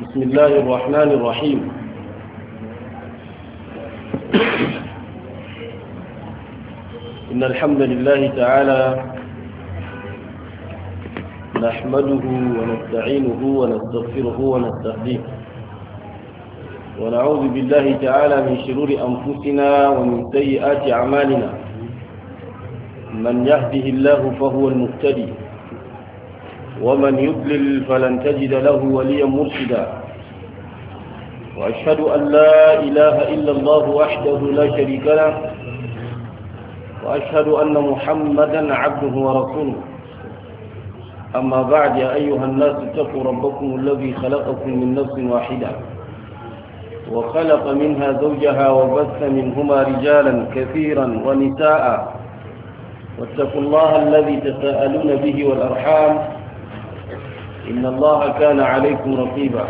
بسم الله الرحمن الرحيم إن الحمد لله تعالى نحمده ونستعينه ونستغفره ونستهديه ونعوذ بالله تعالى من شرور أنفسنا ومن سيئات أعمالنا من يهده الله فهو المهتدي ومن يضلل فلن تجد له وليا مرشدا وأشهد أن لا إله إلا الله وحده لا شريك له وأشهد أن محمدا عبده ورسوله أما بعد يا أيها الناس اتقوا ربكم الذي خلقكم من نفس واحدة وخلق منها زوجها وبث منهما رجالا كثيرا ونساء واتقوا الله الذي تساءلون به والأرحام إن الله كان عليكم رقيبا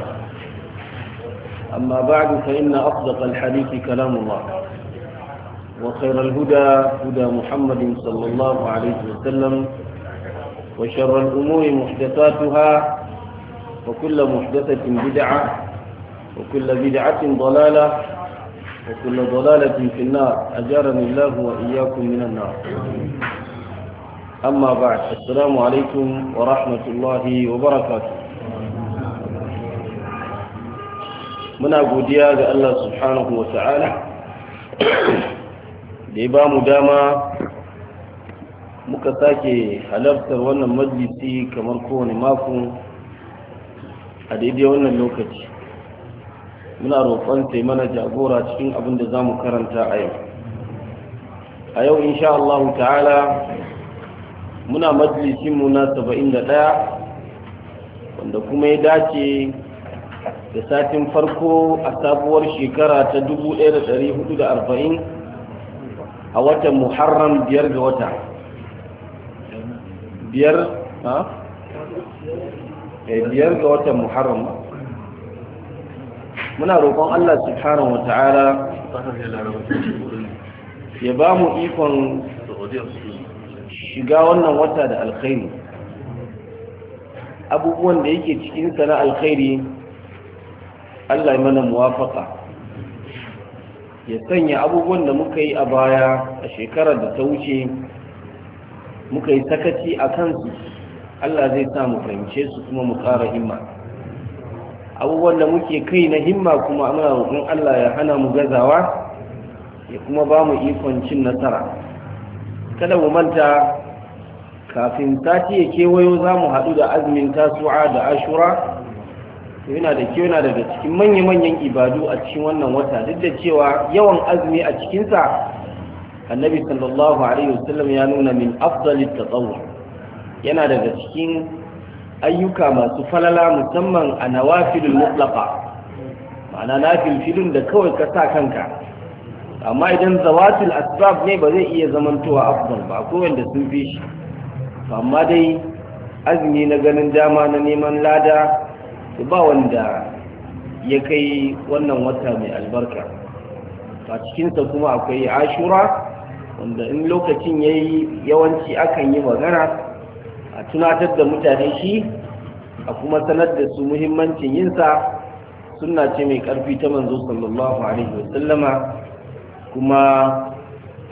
أما بعد فإن أصدق الحديث كلام الله وخير الهدى هدى محمد صلى الله عليه وسلم وشر الأمور محدثاتها وكل محدثة بدعة وكل بدعة ضلالة وكل ضلالة في النار أجارني الله وإياكم من النار Amma أما بعد السلام عليكم ورحمة الله وبركاته من أقول يا الله سبحانه وتعالى لإبام dama. muka sake halartar wannan majalisi kamar kowane mako a daidai wannan lokaci muna roƙon mana jagora cikin abin da za karanta a yau a yau insha Allah ta'ala muna majalisinmu na ɗaya, wanda kuma ya dace da satin farko a sabuwar shekara ta arba'in a watan muharram biyar ga wata biyar ha? Eh, biyar ga watan muharram muna roƙon Allah subhanahu wa ta'ala ya ba mu ikon shiga wannan wata da alkhairi abubuwan da yake cikinsa na alkhairi Allah ya mana muwafaka ya sanya abubuwan da muka yi a baya a shekarar da ta wuce muka yi sakaci a kansu Allah zai sa mu fahimce su kuma mu ƙara himma abubuwan da muke kai na himma kuma muna roƙon Allah ya hana mu gazawa ya kuma ba mu ikon cin nasara kada mu manta kafin sati ya kewayo za mu haɗu da azumin tasu'a da ashura yana da ke yana daga cikin manya-manyan ibadu a cikin wannan wata duk da cewa yawan azumi a cikinsa annabi sallallahu alaihi wasallam ya nuna min afdalit tatawwu yana daga cikin ayyuka masu falala musamman a nawafilul mutlaqa ma'ana filin da kawai ka sa kanka amma idan zawatul asbab ne ba zai iya zamantowa afdal ba ko wanda sun fi shi amma dai azumi na ganin dama na neman lada ba wanda ya kai wannan wata mai albarka a cikinsa kuma akwai ashura wanda in lokacin yayi yawanci akan yi magana a tunatar da mutane shi a kuma sanar da su muhimmancin yinsa suna ce mai karfi ta manzo sallallahu alaihi wasallama kuma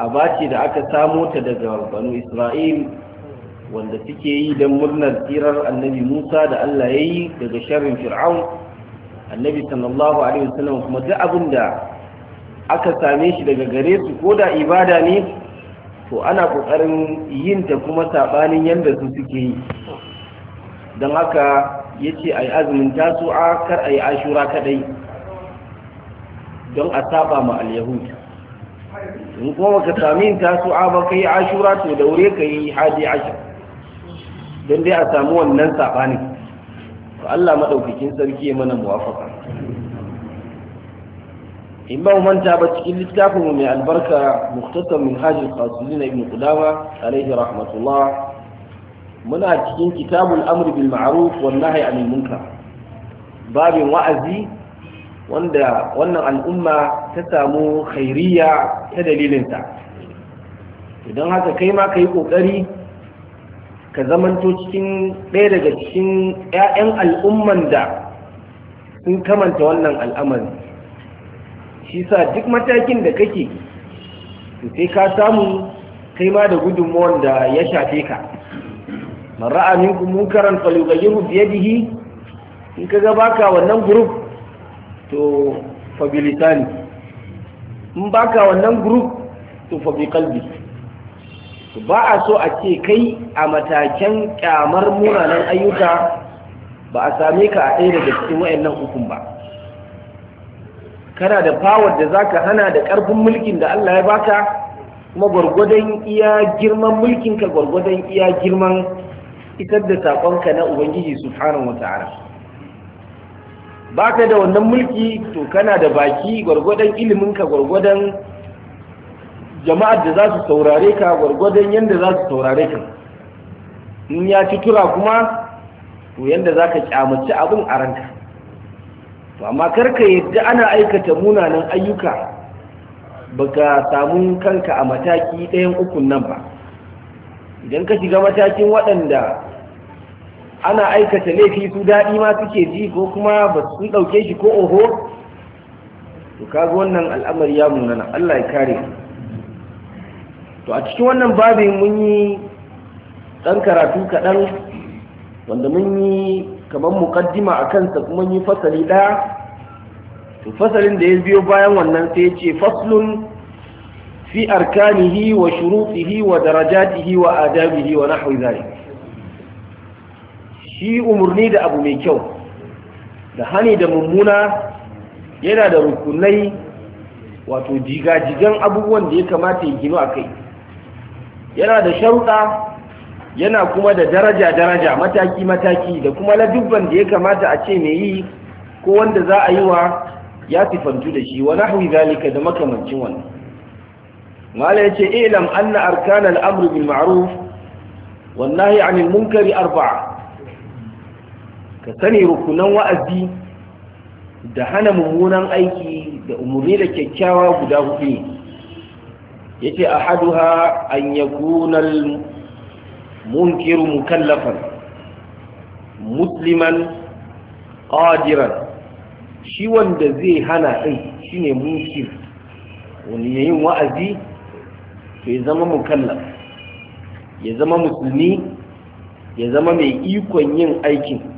aba ce da aka samo ta daga banu isra'il wanda suke yi don murnar tirar annabi musa da allah ya yi daga sharrin fir'aun annabi sallallahu alaihi wasallam kuma duk abin da aka same shi daga gare su ko da ibada ne to ana kokarin yin ta kuma saɓanin yadda su suke yi don haka ya ce a yi azumin tasu'a kar a yi ashura kadai don a saba ma al-yahud in kuma baka sami yin tasu'a ba ka yi ashura to da wuri ka yi hadi ashir don dai a samu wannan saɓanin to Allah maɗaukakin sarki ya mana muwafaka in ba manta ba cikin littafin mai albarka muktasar min hajjin kasuzi na ibn kudama alaihi rahmatullah muna cikin kitabul amr bil ma'ruf wan nahy anil munkar babin wa'azi wanda wannan al'umma ta samu khairiyya ta dalilinsa idan haka kai ma ka yi ƙoƙari ka zamanto cikin ɗaya daga cikin 'ya'yan al'umman da sun kamanta wannan al'amari shi sa duk matakin da kake sai ka samu kai ma da gudunmuwan da ya shafe ka man ra'a minkum munkaran falyughayyiru bi yadihi in gaba baka wannan group to fabilitani in ba in baka wannan group to fa ba a so a ce kai a matakin kyamar munanan ayyuka ba a same ka a ɗaya daga cikin wayannan hukun ba kana da power da zaka hana da ƙarfin mulkin da Allah ya baka kuma gwargwadon iya girman mulkinka gwargwadon iya girman isar da saƙonka na Ubangiji Subhanahu wa ta'ala Ba ka da wannan mulki to kana da baki gwargwadon iliminka gwargwadon jama'ar da za su saurare ka gwargwadon yadda za su saurare ka in ya ci tura kuma to yadda za ka kyamaci abin a ranka to amma karka yadda ana aikata munanan ayyuka ba ka samu kanka a mataki ɗayan ukun nan ba idan ka shiga matakin waɗanda ana aikata laifi su daɗi ma suke ji ko kuma ba sun ɗauke shi ko oho to kaga wannan al'amari ya munana Allah ya kare to a cikin wannan babin mun yi ɗan karatu kaɗan wanda mun yi kamar muƙaddima a kansa kuma yi fasali ɗaya to fasalin da ya biyo bayan wannan sai ya ce faslun fi arkanihi wa shuruɗi wa darajatihi wa adabihi wa nahwi zalik shi umarni da abu mai kyau da hani da mummuna yana da rukunai wato jigajigan abubuwan da ya kamata ya gino a kai yana da sharuɗa yana kuma da daraja-daraja mataki-mataki da kuma ladubban da ya kamata a ce mai yi ko wanda za a yi wa ya fantu da shi wani hawi zalika da makamancin wannan mala ya ce ilam anna arkanal al'amru bil ma'ruf wan anil munkari arba'a ka sani rukunan wa'azi da hana mummunan aiki da umarni da kyakkyawa guda hudu ne ya ce a hadu ha an ya gunar munkiru mukallafan musliman ƙadiran shi wanda zai hana ɗin shi ne munkir wani yayin wa'azi to ya zama mukallaf ya zama musulmi ya zama mai ikon yin aikin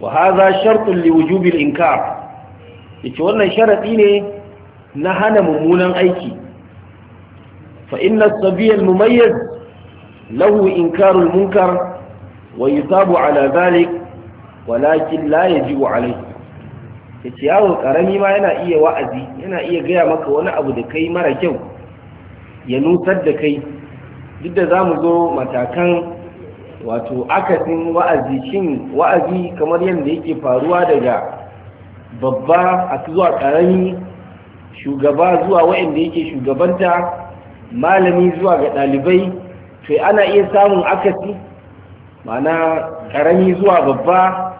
wa haza shartun li wujubil inkar yace wannan sharaɗi ne na hana mummunan aiki fa inna as-sabiy lahu inkarul munkar wa sabu ala dhalik walakin la yajibu alayhi yace yaro karami ma yana iya wa'azi yana iya gaya maka wani abu da kai mara kyau ya nusar da kai duk da za mu zo matakan wato akasin wa'azi shin wa'azi kamar yadda yake faruwa daga babba a zuwa ƙarami shugaba zuwa wa'inda yake shugabanta malami zuwa ga ɗalibai to ana iya samun akasi mana ƙarami zuwa babba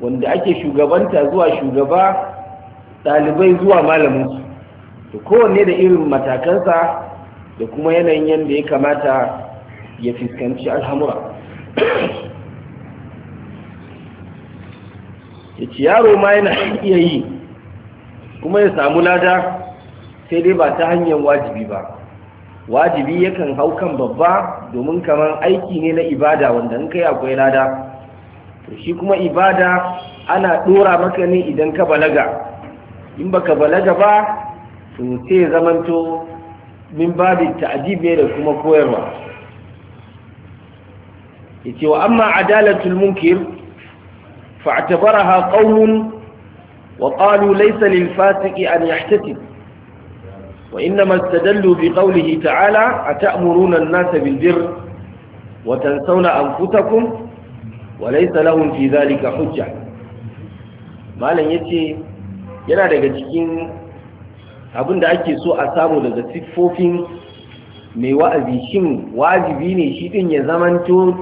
wanda ake shugabanta zuwa shugaba ɗalibai zuwa malaminsu to kowanne da irin matakansa da kuma yanayin yadda ya kamata ya fuskanci alhamura Yaci yaro ma yana iya yi kuma ya samu lada sai dai ba ta hanyar wajibi ba wajibi yakan hau kan babba domin kamar aiki ne na ibada wanda in kai akwai lada to shi kuma ibada ana ɗora maka ne idan ka balaga in baka balaga ba to sai zamanto min babi ta'adib ne da kuma koyarwa yace wa amma adalatul munkir fa'tabaraha qaumun wa qalu laysa lil fasiqi an yahtatib wa inma istadallu bi qawlihi ta'ala ata'muruna an-nasa bil birri wa tansawna anfusakum wa laysa lahum fi dhalika hujja malam yace yana daga cikin abin da ake so a samu daga siffofin mai wa'azi shin wajibi ne shi din ya zamanto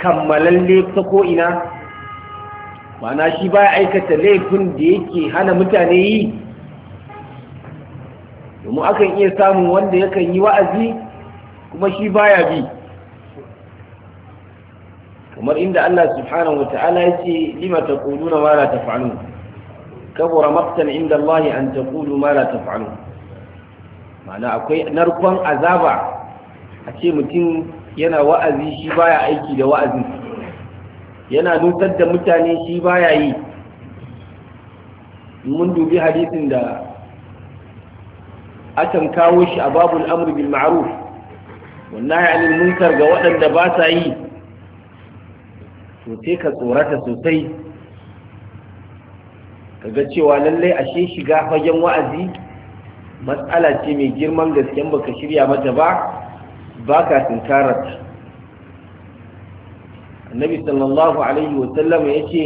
kammalalle ta ko'ina mana shi ba aikata laifin da yake hana mutane yi domin akan iya samun wanda yakan yi wa'azi kuma shi baya bi kamar inda Allah subhanahu wa ta'ala ya ce lima ta na mara ta fa’anu kabura maktan inda Allah an ta kudu ma ta fa’anu mana akwai narkon azaba a ce mutum yana wa'azi shi baya aiki da wa'azi. yana nutar da mutane shi baya yi mun dubi hadisin da akan kawo shi a babul amr ma'aruf. wannan wallahi anil munkar ga waɗanda ba sa yi Sosai ka tsorata sosai Ka ga cewa lallai ashe shiga fagen wa'azi matsala ce mai girman gasken baka shirya mata ba ba ka tunkararta annabi sallallahu alaihi wasallam ya ce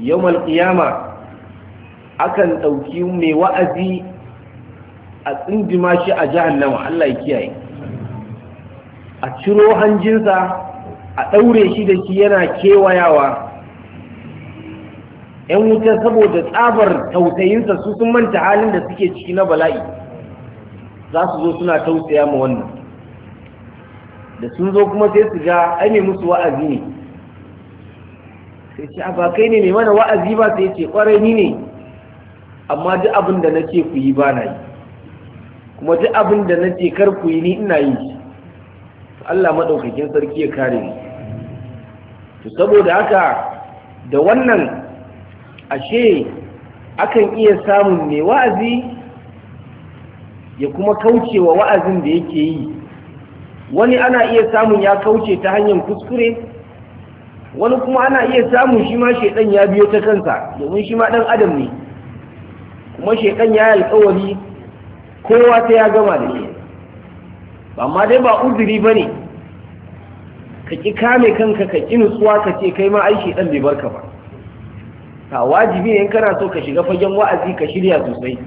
yawmal qiyama akan ɗauki mai wa'azi a tsindima shi a jahannama Allah ya kiyaye a ciro hanjinsa a ɗaure shi da shi yana kewayawa ‘yan wuta saboda tsabar tausayinsa su sun manta halin da suke ciki na bala'i za su zo suna tausaya ma wannan da sun zo kuma sai su ga ai mai musu wa'azi ne sai ce ba kai ne mai mana wa'azi ba sai ce kwarai ni ne amma duk abin da nace ku yi ba na yi kuma duk abin da nace kar ku yi ni ina yi Allah madaukakin sarki ya kare ni to saboda haka da wannan ashe akan iya samun mai wa'azi ya kuma kaucewa wa'azin da yake yi wani ana iya samun ya kauce ta hanyar kuskure wani kuma ana iya samun shi ma shaidan ya biyo ta kansa domin shi ma dan adam ne kuma shaidan ya yi alkawari kowa ta ya gama da shi amma dai ba uzuri ba ne ka ƙi kame kanka ka ƙi nutsuwa ka ce kai ma ai shaidan bai barka ba ka wajibi ne in kana so ka shiga fagen wa'azi ka shirya sosai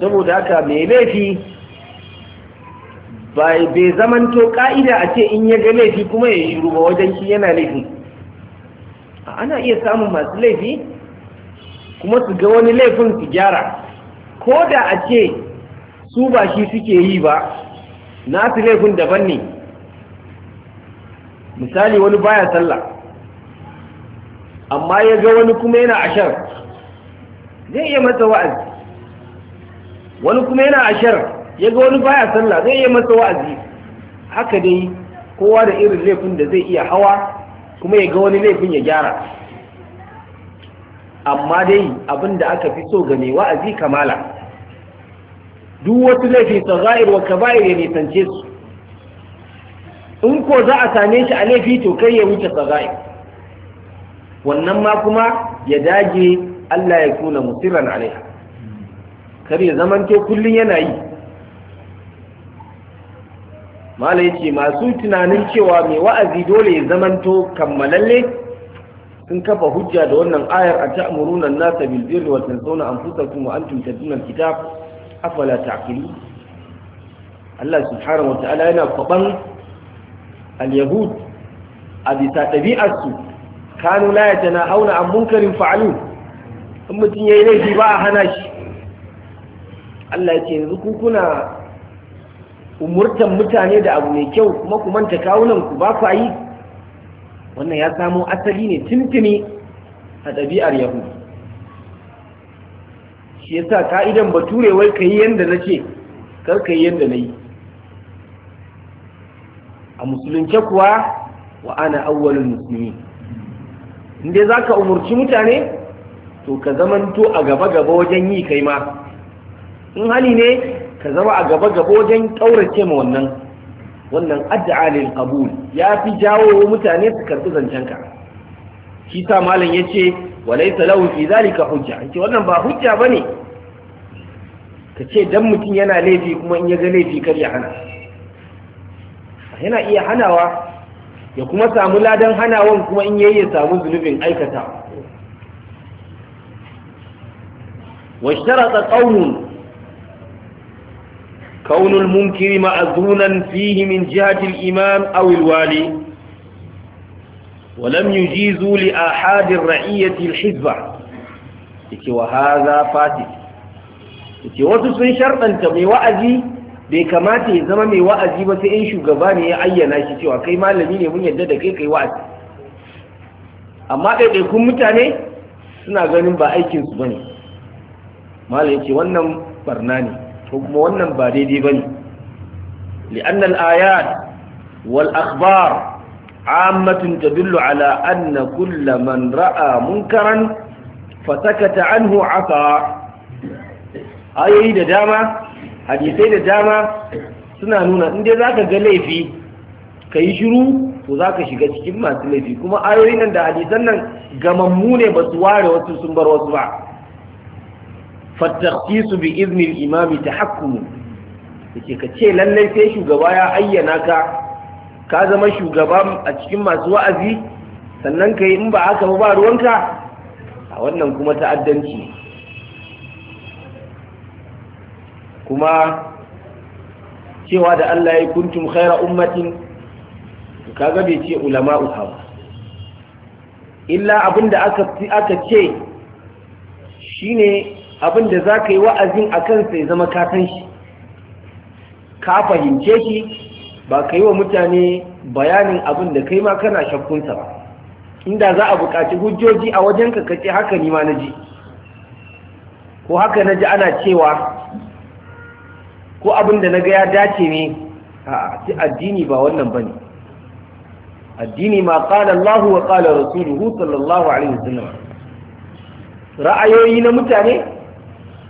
saboda haka mai laifi bai zamanto ka'ida a ce in ya ga laifi kuma ya shiru ba wajen shi yana laifi ana iya samun masu laifi kuma su ga wani laifin su gyara ko da a ce su ba shi suke yi ba na su laifin daban ne misali wani baya sallah amma ya ga wani kuma yana ashar zai iya mata wa'azi wani kuma yana ashar ya ga wani baya sallah zai iya masa wa'azi haka dai kowa da irin laifin da zai iya hawa kuma ya ga wani laifin ya gyara amma dai abin da aka fi so ga mai wa'azi kamala duk wasu laifi za'ir wa kaba'ir ya nisance su in ko za a same shi a laifi to kai ya wuce za'ir wannan ma kuma ya dage Allah ya kuna musiran alaiha kar ya zamanto kullum yana yi mala ce masu tunanin cewa mai wa'azi dole ya zamanto kammalalle sun kafa hujja da wannan ayar a ta'muruna an-nasa bil birri wa tansawna anfusakum wa antum tatluna al-kitab afala ta'qilu Allah subhanahu wa ta'ala yana kwaban al-yahud a bisa ɗabi'arsu kanu la ya auna an munkarin fa'alu in mutum ya yi laifi ba a hana shi Allah ya ce yanzu kuna umurtan mutane da abu mai kyau kuma ku manta kawunan ku ba ku yi wannan ya samo asali ne tuntuni a ɗabi'ar Yahu. shi ya sa ka'idan bature wai ka yi yadda na ce kar yi yadda na yi a musulunce kuwa wa ana awwalul musulmi inda za ka umurci mutane to ka zamanto a gaba-gaba wajen yi kai ma in hali ne ka zama a gaba gaba wajen ƙaurace ma wannan wannan ad'a lil qabul ya fi jawo mutane su karbi zancenka shi ta malam yace walaysa lahu fi zalika hujja yace wannan ba hujja bane ka ce dan mutum yana laifi kuma in ya ga laifi kar ya hana yana iya hanawa ya kuma samu ladan hanawan kuma in yayi ya samu zunubin aikata wa shtarata qaumun كون المنكر مأذونا فيه من جهة الإمام أو الوالي ولم يجيزوا لآحاد الرعية الحزبة إكي وهذا فاتح إكي وتسوين شرطا تبي وأذي بكماتي زمامي وأذي بس إنشو قباني أي ناشي تيوا كي ما لديني من يدد كي كي وأذي أما إكي كم متاني سنعجنين بأي كنسباني ما لديني وانم برناني ko kuma wannan ba daidai ba ne al-ayat wal akhbar ammatun tadullu ala anna kulla man ra'a munkaran fasakata anhu asa ayoyi da dama hadisai da dama suna nuna inda za ka ga laifi ka yi shiru to za ka shiga cikin masu laifi kuma ayoyin nan da hadisan nan gamammu ne ba su ware wasu sun bar wasu ba fattakhsisu bi izni imami tahakkumu yace ka ce lallai sai shugaba ya ayyana ka ka zama shugaba a cikin masu wa'azi sannan kai in ba haka ba ruwanka a wannan kuma ta'addanci kuma cewa da Allah ya kuntum khaira ummatin kaga bai ce ulama hawa illa abinda aka aka ce shine abin da za ka yi wa'azin a kansa ya zama katon shi ka fahimce shi ba ka yi wa mutane bayanin abin da kai ma kana shakkunsa ba inda za a buƙaci hujjoji a wajen kakace haka ni ma na ji ko haka na ji ana cewa ko abin da na ga ya dace ne a addini ba wannan ba ne addini ma ƙala Allah wa ƙala Rasuluhu sallallahu Alaihi wasallam ra'ayoyi na mutane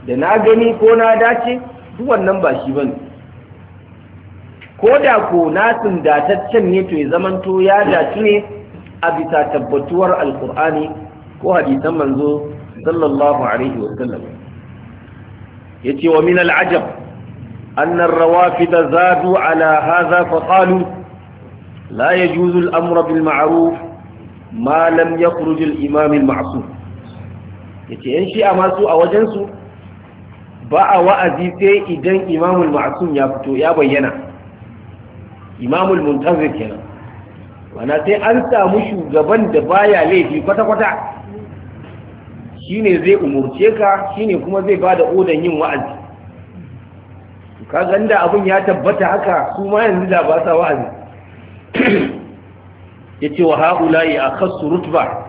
da na gani ko na dace duk wannan ba shi bane ko da ko na tsindataccen ne to ya zamanto ya dace ne a bisa tabbatuwar alkur'ani ko hadisan manzo sallallahu alaihi wasallam yace wa min al'ajab anna ar-rawafid zadu ala hadha fa qalu la yajuzu al-amru bil ma'ruf ma lam imamin al-imam al-ma'sum yan shi'a a wajen su ba a wa'azi sai idan imamul ma'asun ya fito ya bayyana imamul muntazir kenan wana sai an samu shugaban da baya laifi kwata-kwata shine zai umurce ka shine kuma zai ba da odan yin wa'azi ka ganda abin ya tabbata haka su ma yanzu da ba sa wa'azi ya ce wa haula a kasu rutba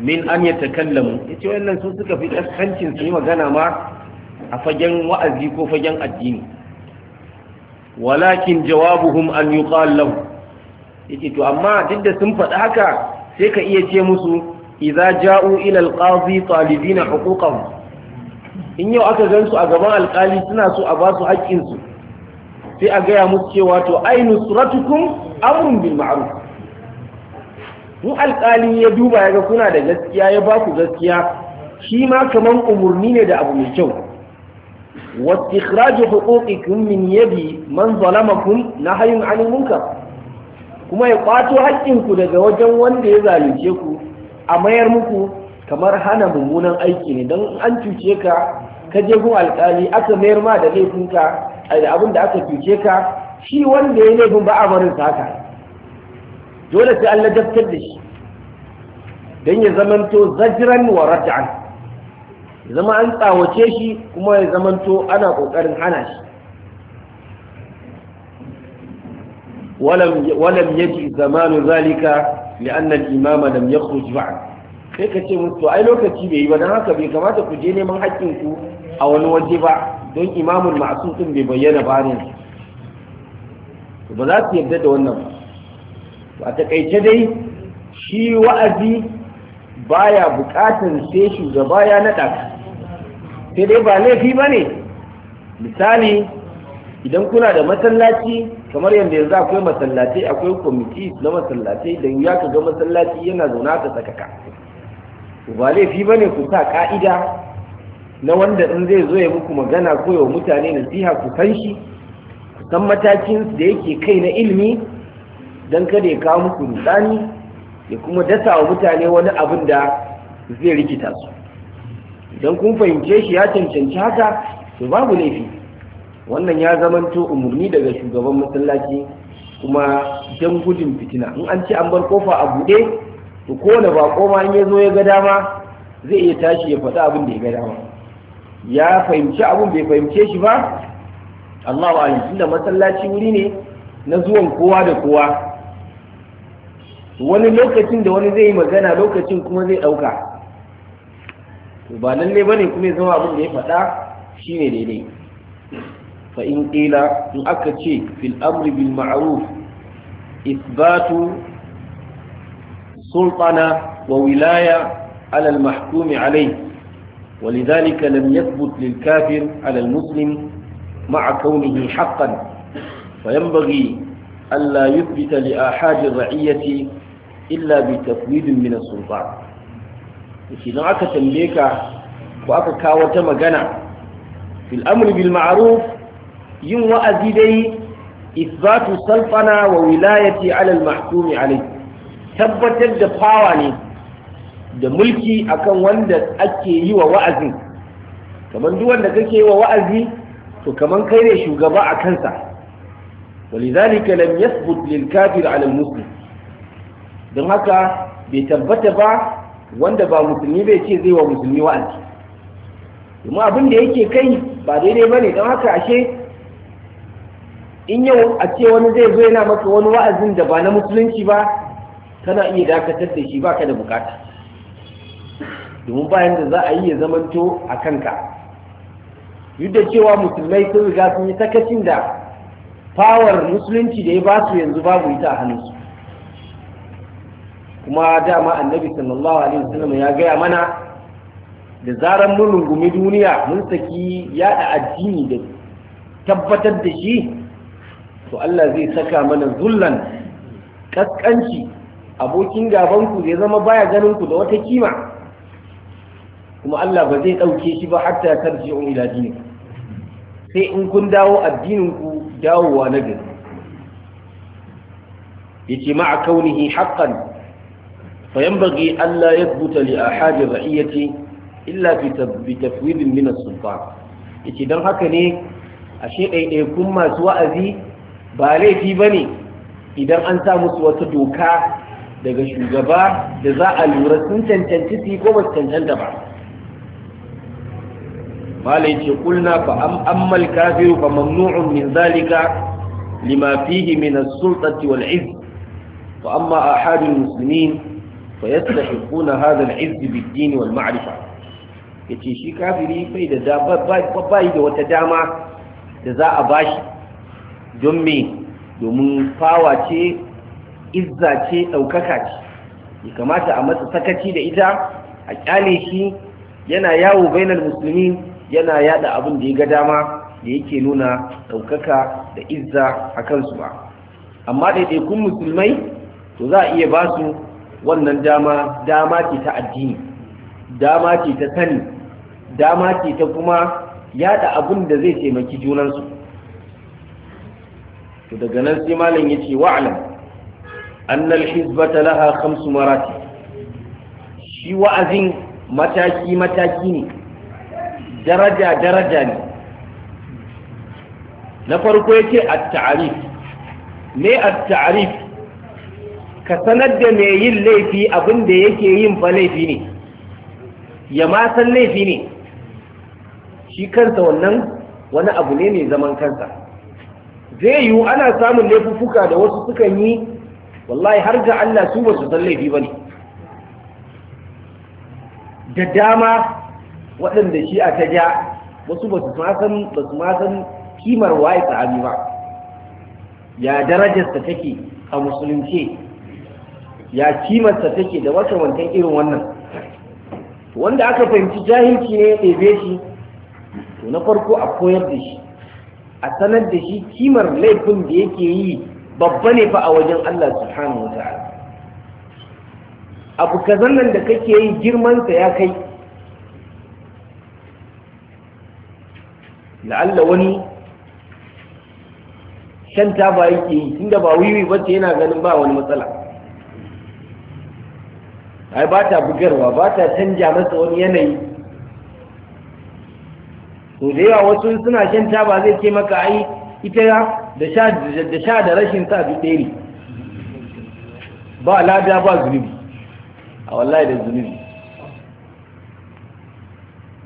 min an ya takallamu ya ce wannan sun suka fi ƙasƙancin su yi magana ma a fagen wa'azi ko fagen addini walakin jawabuhum an yi ƙwallon. yake to amma duk da sun faɗi haka sai ka iya ce musu iza ja'u ila ƙalibi na huquqahum in yau aka gansu a gaban alƙali suna so a ba su haƙƙinsu sai a gaya musu cewa to ai nusratukum amurin bin ma'aru in alƙali ya duba ya ga kuna da gaskiya ya ba ku gaskiya shi ma kamar umarni ne da abu mai kyau واستخراج حقوقكم من يد من ظلمكم نهي عن المنكر kuma ya kwato haƙƙinku daga wajen wanda ya zalunce ku a mayar muku kamar hana mummunan aiki ne don an cuce ka ka je gun alƙali aka mayar ma da laifinka da abin da aka cuce ka shi wanda ya laifin ba a barin haka dole sai an ladabtar da shi don ya zamanto zajiran wa raj'an ya zama an tsawace shi kuma ya zamanto ana ƙoƙarin hana shi walam yaji zamanu zalika li'annal imama lam yakhruj ba'd kai ka ce musu ai lokaci bai yi ba dan haka bai kamata ku je neman haƙƙin ku a wani waje ba don imamul ma'sum din bai bayyana ba ne ba za su yarda da wannan ba a takaice dai shi wa'azi baya buƙatar sai shugaba ya naɗaka. ka sai dai ba laifi ba ne misali idan kuna da masallaci kamar yadda yanzu akwai masallaci akwai kwamiti na masallatai da ya ka ga masallaci yana zauna ta sakaka ba laifi ba ne ku sa ka'ida na wanda in zai zo ya muku magana ko yawa mutane nasiha ku san shi ku san matakin da yake kai na ilimi don kada ya kawo muku rudani ya kuma dasa wa mutane wani abin da zai rikita su don kun fahimce shi ya cancanci haka to babu laifi wannan ya zamanto umarni daga shugaban masallaci kuma don gudun fitina in an ce an bar kofa a buɗe to kowane bako ma in ya zo ya ga dama zai iya tashi ya faɗi abin da ya ga dama ya fahimci abin bai fahimce shi ba Allah wa tunda masallaci wuri ne na zuwan kowa da kowa wani lokacin da wani zai yi magana lokacin kuma zai ɗauka to ba lalle bane kuma ya zama abin da ya faɗa shine daidai fa in qila in aka ce fil amri bil ma'ruf ithbatu sultana wa wilaya ala al mahkum alayhi ولذلك لم يثبت للكافر على المسلم مع كونه حقا فينبغي ألا يثبت لآحاد الرعية إلا بتفويض من السلطان idan aka tambaye ka ko aka kawo ta magana fil amri bil ma'ruf yin wa'azi dai isbatu salfana wa wilayati ala al mahkum alayhi tabbatar da fawa ne da mulki akan wanda ake yi wa wa'azin kamar duk wanda kake yi wa wa'azi to kamar kai ne shugaba a kansa walidhalika lam yathbut lil kafir ala al muslim don haka bai tabbata ba wanda ba musulmi bai ce zai wa musulmi wa'azi kuma abin da yake kai ba daidai ba ne, don haka ashe in yau a ce wani zai zo yana maka wani wa'azin da ba na musulunci ba kana iya dakatar da shi baka da bukata domin bayan da za a yi ya zamanto a kanka duk da cewa musulmai sun riga sun yi sakacin da fawar musulunci da ya ba su yanzu babu ita a hannunsu kuma dama annabi sallallahu alaihi wasallam ya gaya mana da zaran mun rungumi duniya mun saki yada addini da tabbatar da shi to Allah zai saka mana zullan kaskanci abokin gabanku zai zama baya ganin ku da wata kima kuma Allah ba zai ɗauke shi ba hatta tarji'un ila dinikum sai in kun dawo addinin ku dawowa na gari yace ma'a kaunihi haqqan فينبغي ألا يثبت لأحد الرعية إلا بتفويض من السلطان yace don haka ne ashe ɗaiɗaikun masu wa'azi ba laifi ba ne idan an sa musu wata doka daga shugaba da za a lura sun cancanci su ko ba cancanta ba mala yace kulna fa ammal kafiru fa mamnu'un min zalika limafihi fihi min wal izz wa amma ahadul muslimin fa da hadha al-izz bid-din wal-ma'rifa yace shi kafiri bai da bai da wata dama da za a ba shi don mai domin fawa ce izza ce daukaka ce ya kamata a masa sakaci da ita a kyale shi yana yawo bainal musulmi yana yada abun da ya ga dama da yake nuna ɗaukaka da izza a kansu ba amma ɗaiɗaikun musulmai to za a iya ba su wannan dama dama ce ta addini dama ce ta sani dama ce ta kuma yada abin da zai taimaki junansu to daga nan sai malam ya ce wa'alam annal hizbata laha khamsu marati shi wa'azin mataki mataki ne daraja daraja ne na farko yake at-ta'rif me at-ta'rif ka sanar da mai yin laifi abin da yake yin fa laifi ne ya ma san laifi ne shi kansa wannan wani abu ne mai zaman kansa zai yiwu ana samun laifuffuka da wasu sukan yi wallahi har ga Allah su ba su san laifi ba ne da dama waɗanda shi a ta ja wasu ba su san ba su san kimar waye sahabi ba ya darajarsa take a musulunci? ya kimarsa take da wata wancan irin wannan wanda aka fahimci jahilci ne ya ɗebe shi to na farko a koyar da shi a sanar da shi kimar laifin da yake yi babba ne fa a wajen Allah subhanahu wa ta'ala abu kazan nan da kake yi girmansa ya kai la'alla wani shan taba yake yi tunda ba wiwi bace yana ganin ba wani matsala ai ba ta bugarwa ba ta canja masa wani yanayi to da yawa wasu suna shan taba zai ce maka ai ita da sha da sha da rashin sa bi ɗaya ba lada ba zunubi a wallahi da zunubi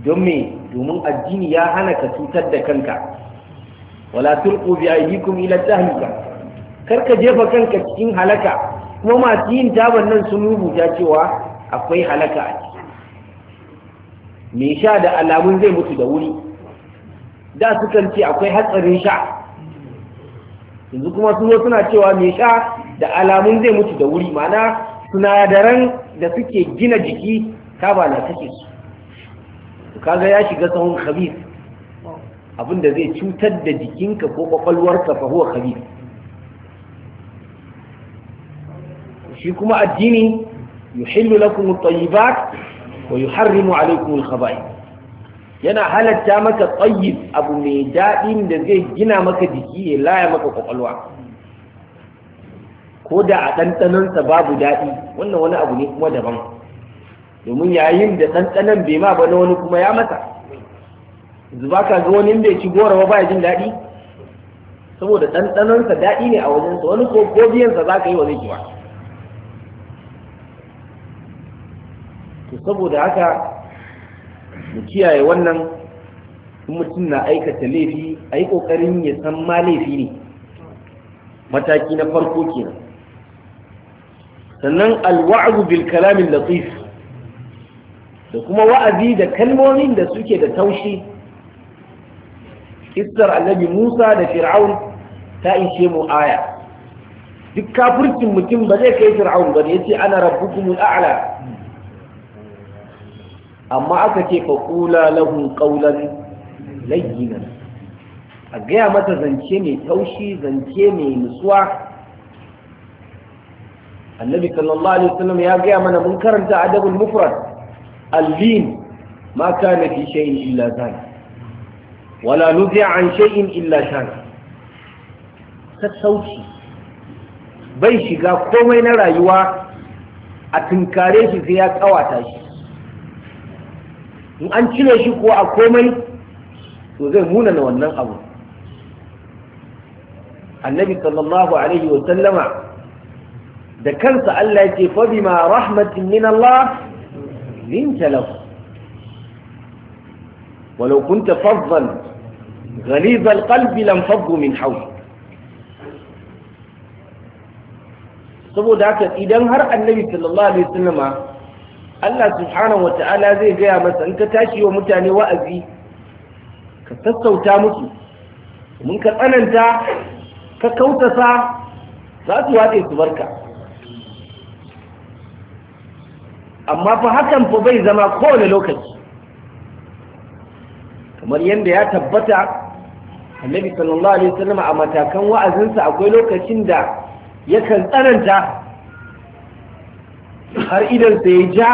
don me domin addini ya hana ka cutar da kanka wala tulqu bi aydikum ila Kar karka jefa kanka cikin halaka kuma masu yin taban nan sun rubuta cewa akwai halaka a ciki mai sha da alamun zai mutu da wuri da kan ce akwai hatsarin sha yanzu kuma sun zo suna cewa mai sha da alamun zai mutu da wuri mana sunadaran da suke gina jiki taba na kake su kaga ya shiga sahun khabis abinda zai cutar da jikinka ko kwakwalwarka fa huwa shi kuma addini yuhillu lakum at-tayyibat wa yuharrimu alaykum al-khaba'ith yana halatta maka tayyib abu mai daɗin da zai gina maka jiki ya laya maka kwakwalwa ko da a ɗanɗanonsa babu daɗi wannan wani abu ne kuma daban domin yayin da ɗanɗanon bai ma ba na wani kuma ya mata, zuba ka ga wani bai ci goro ba jin daɗi saboda ɗanɗanonsa daɗi ne a wajensa wani ko ko biyansa za ka yi wa zai kiwa to saboda haka mu kiyaye wannan mutum na aikata laifi a yi ƙoƙarin ya san ma laifi ne mataki na farko kenan sannan alwa'azu bil kalamin latif da kuma wa'azi da kalmomin da suke da taushi kissar annabi Musa da Fir'aun ta ishe mu aya duk kafircin mutum ba zai kai Fir'aun ba ne yace ana rabbukumul a'la amma aka ce fa qula lahu qawlan layyinan a gaya mata zance mai taushi zance mai nutsuwa annabi sallallahu alaihi wasallam ya gaya mana mun karanta adabul mufrad allin ma kana fi shay'in illa zani wala nuzi'a an shay'in illa shan sassauci bai shiga komai na rayuwa a tunkare shi sai ya kawata shi in an cire shi ko a komai to zai muna na wannan abu annabi sallallahu alaihi wa sallama da kansa Allah ya ce fa bima rahmatin min Allah linta lahu ولو كنت فظا غليظ القلب لانفضوا من حولك saboda haka idan har annabi sallallahu alaihi wasallama Allah subhanahu wa ta'ala zai gaya masa in ka tashi wa mutane wa'azi ka sassauta musu mun ka tsananta ka kautasa za su watsa su barka amma fa hakan fa bai zama kowane lokaci kamar yadda ya tabbata annabi sallallahu alaihi wasallam a matakan wa'azinsa akwai lokacin da yakan tsananta har idansa ya ja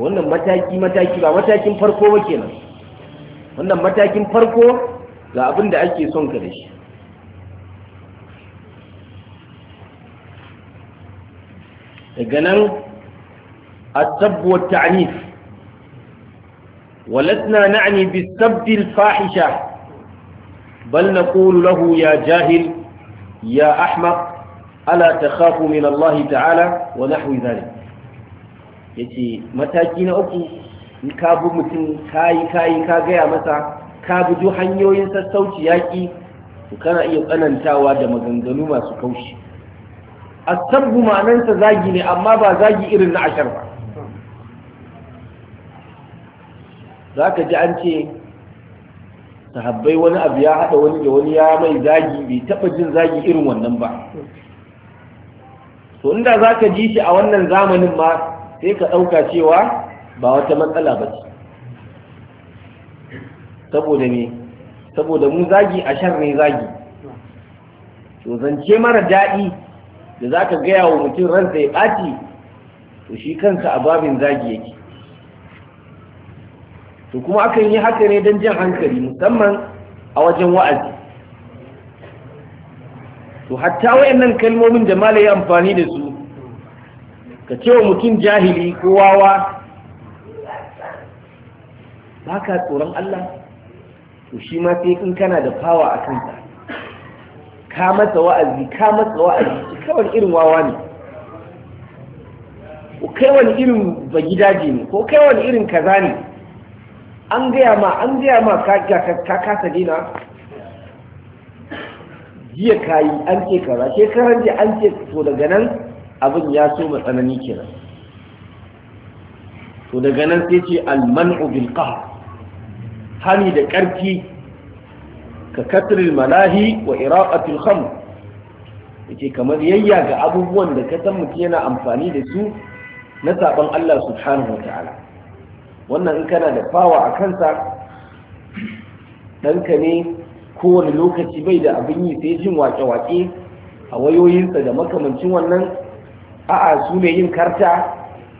wannan mataki-mataki ba matakin farko ba kenan wannan matakin farko ga abin da ake son ka da shi daga nan a sabuwar ta'anif walasna na'ani bi sabbil fahisha bal na lahu ya jahil ya ahmad ala takhafu min Allah ta'ala wa nahwi zalik yace mataki na uku in ka bi mutum kayi kayi ka gaya masa ka bi hanyoyin sassauci yaki kana iya tsanantawa da maganganu masu kaushi asabbu ma'anansa zagi ne amma ba zagi irin na ashar ba za ka ji an ce sahabbai wani abu ya haɗa wani da wani ya mai zagi bai taɓa jin zagi irin wannan ba to inda za ka ji shi a wannan zamanin ma sai ka ɗauka cewa ba wata matsala ba ce saboda ne saboda mu zagi a shan ne zagi to zance mara daɗi da za ka gaya wa mutum ransa ya ɓaci to shi kansa a babin zagi yake to kuma akan yi haka ne don jin hankali musamman a wajen wa'azi to hatta wayannan kalmomin da malai ya amfani da su ka ce wa mutum jahili ko wawa ba ka tsoron Allah to shi ma sai in kana da fawa a kansa ka masa wa'azi ka masa wa'azi kawai irin wawa ne ko kai wani irin bagidaje ne ko kai wani irin kaza ne an gaya ma an gaya ma ka kasa dina jiya kayi an ce kaza shekaran jiya an ce to daga nan abin ya so matsanani kenan to daga nan sai ce almanu bil qahr hani da karfi ka malahi wa iraqatil khamr yace kamar yayya ga abubuwan da ka san mutum yana amfani da su na saban Allah subhanahu wa ta'ala wannan in kana da fawa a kansa ɗanka ne kowane lokaci bai da abin yi sai jin wake-wake a wayoyinsa da makamancin wannan a'a su ne yin karta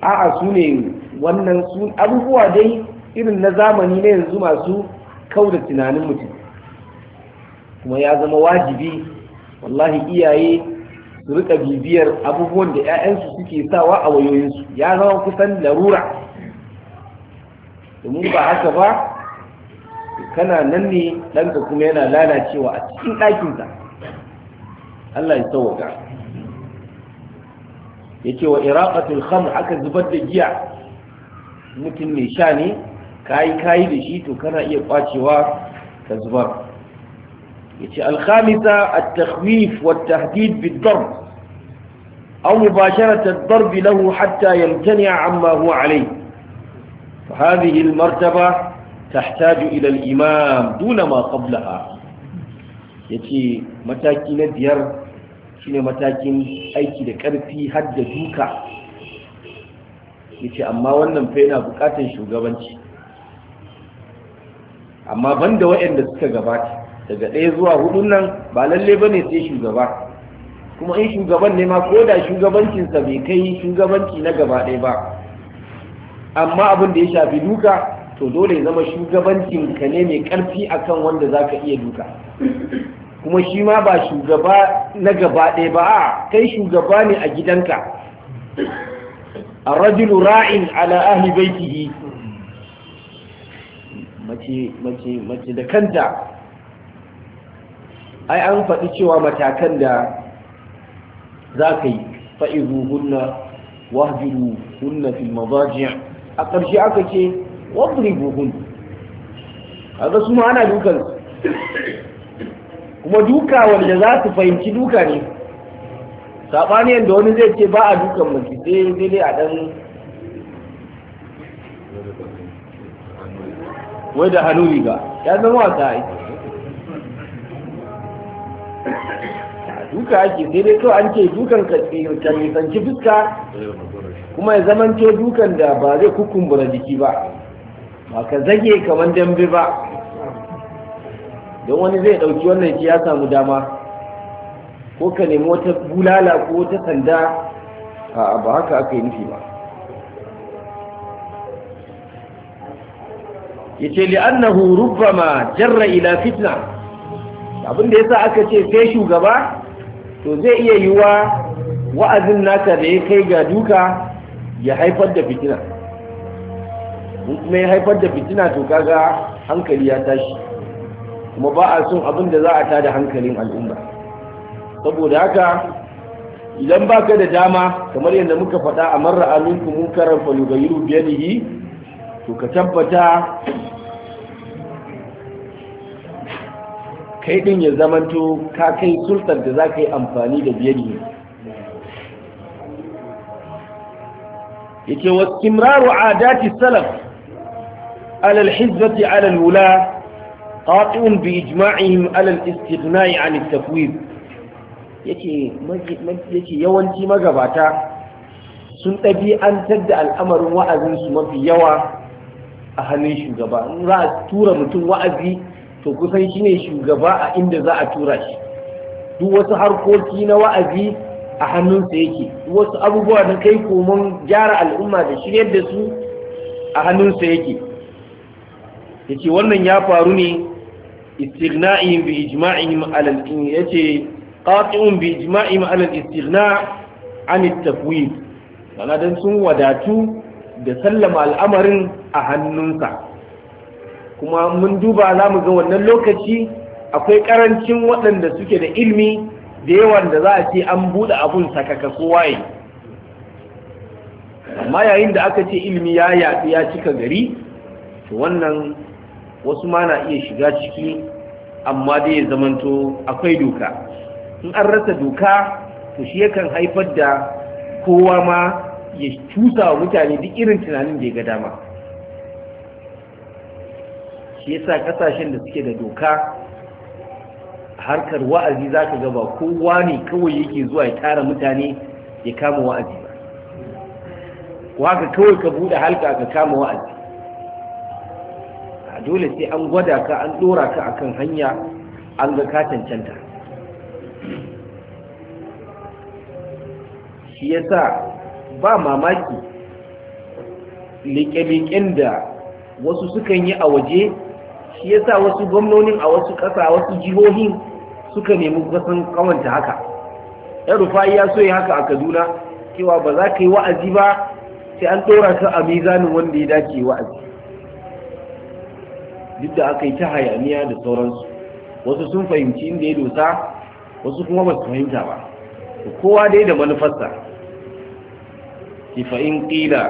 a'a su ne wannan su abubuwa dai irin na zamani na yanzu masu kau da tunanin mutum kuma ya zama wajibi wallahi iyaye su rika bibiyar abubuwan da 'ya'yansu suke sawa a wayoyinsu ya zama kusan larura domin ba haka ba kana nan ne ɗanka kuma yana lalacewa a cikin ɗakinsa Allah ya sauwaka ya ce wa iraqatul khamr aka zubar da giya mutum mai sha ne kayi kayi da shi to kana iya kwacewa ka zubar ya ce alhamisa a takhwif wa tahdid bid darb أو lahu hatta له حتى يمتنع عما هو عليه فهذه martaba tahtaju ila al-imam duna ma yace mataki na biyar shine matakin aiki da karfi har da duka yace amma wannan fa yana bukatar shugabanci amma banda waɗanda suka gabata daga ɗaya zuwa hudun nan ba lalle bane sai shugaba kuma in shugaban ne ma ko da shugabancinsa bai kai shugabanci na gaba ɗaya ba amma abin da ya shafi duka to dole ya zama shugabancin ka ne mai karfi akan wanda zaka iya duka kuma shi ma ba shugaba na gaba ɗaya ba a kai shugaba ne a gidanka a rajulu ra'in ala ahli baitihi mace mace mace da kanta ai an faɗi cewa matakan da za ka yi fa'izu hunna wahjuru hunna fil mazaji' a ƙarshe aka ce buhun, a su ma ana dukan kuma duka wanda za su fahimci duka ne saɓaniyar da wani zai ce ba a dukan mace sai dai a dan wai da hannu riga ya zama wasa ai duka ake sai dai kawai an ce dukan kan eh, nisanci fuska kuma ya zamanto dukan da ba zai kukumbura jiki ba ba ka zage kamar dambe ba don wani zai ɗauki wannan ya samu dama ko ka nemi wata bulala ko wata sanda a ba haka aka yi nufi ba Ya ce li'annahu rubbama jarra ila fitna abinda sa aka ce sai shugaba to zai iya yiwa wa'azin naka da ya kai ga duka ya haifar da fitina mai haifar da fitina to kaga hankali ya tashi kuma ba a son abin da za a tada hankalin al'umma saboda haka idan ba baka da dama kamar yadda muka faɗa a marra aminku munkaran falugayiru biyanihi to ka tabbata kai ɗin ya zamanto ka kai sultar da za ka yi amfani da biyanihi yake wasu kimraru dati salaf Alal على الحزة على الولاة قاطع بإجماعهم على الاستغناء عن التفويض yake yawanci magabata sun ɗabi'antar da al'amarin wa'azinsu mafi yawa a hannun shugaba za a tura mutum wa'azi to kusan shi ne shugaba a inda za a tura shi duk wasu harkoki na wa'azi a hannunsa yake duk wasu abubuwa na kai koman gyara al'umma da shiryar da su a hannunsa yake yace wannan ya faru ne istighna'in bi ijma'ihim ala yace qati'un bi ijma'ihim ala al-istighna' an at-tafwid kana dan sun wadatu da sallama al'amarin a hannunsa kuma mun duba za mu ga wannan lokaci akwai karancin waɗanda suke da ilmi da yawan da za a ce an buɗe abun sakaka kowa yi amma yayin da aka ce ilmi ya yaɗu ya cika gari to wannan wasu ma na iya shiga ciki amma dai ya zamanto akwai doka in an rasa doka to shi yakan haifar da kowa ma ya cusa wa mutane duk irin tunanin da ya ga dama shi yasa kasashen da suke da doka harkar wa'azi za ka gaba kowa ne kawai yake zuwa ya tara mutane ya kama wa'azi ba kawai ka buɗe halka ka kama wa'azi dole sai an gwada ka an dora ka akan hanya an ga ka cancanta shi yasa ba mamaki liƙe-liƙen da wasu sukan yi a waje shi yasa wasu gwamnonin a wasu ƙasa wasu jihohin suka nemi kusan kawanta haka yan rufa'i ya so yi haka a kaduna cewa ba za ka yi wa'azi ba sai an ɗora ka a mizanin wanda ya dace wa'azi duk da aka yi ta hayaniya da sauransu wasu sun fahimci inda ya dosa wasu kuma ba su fahimta ba kowa dai da manufarsa kifa'in ƙila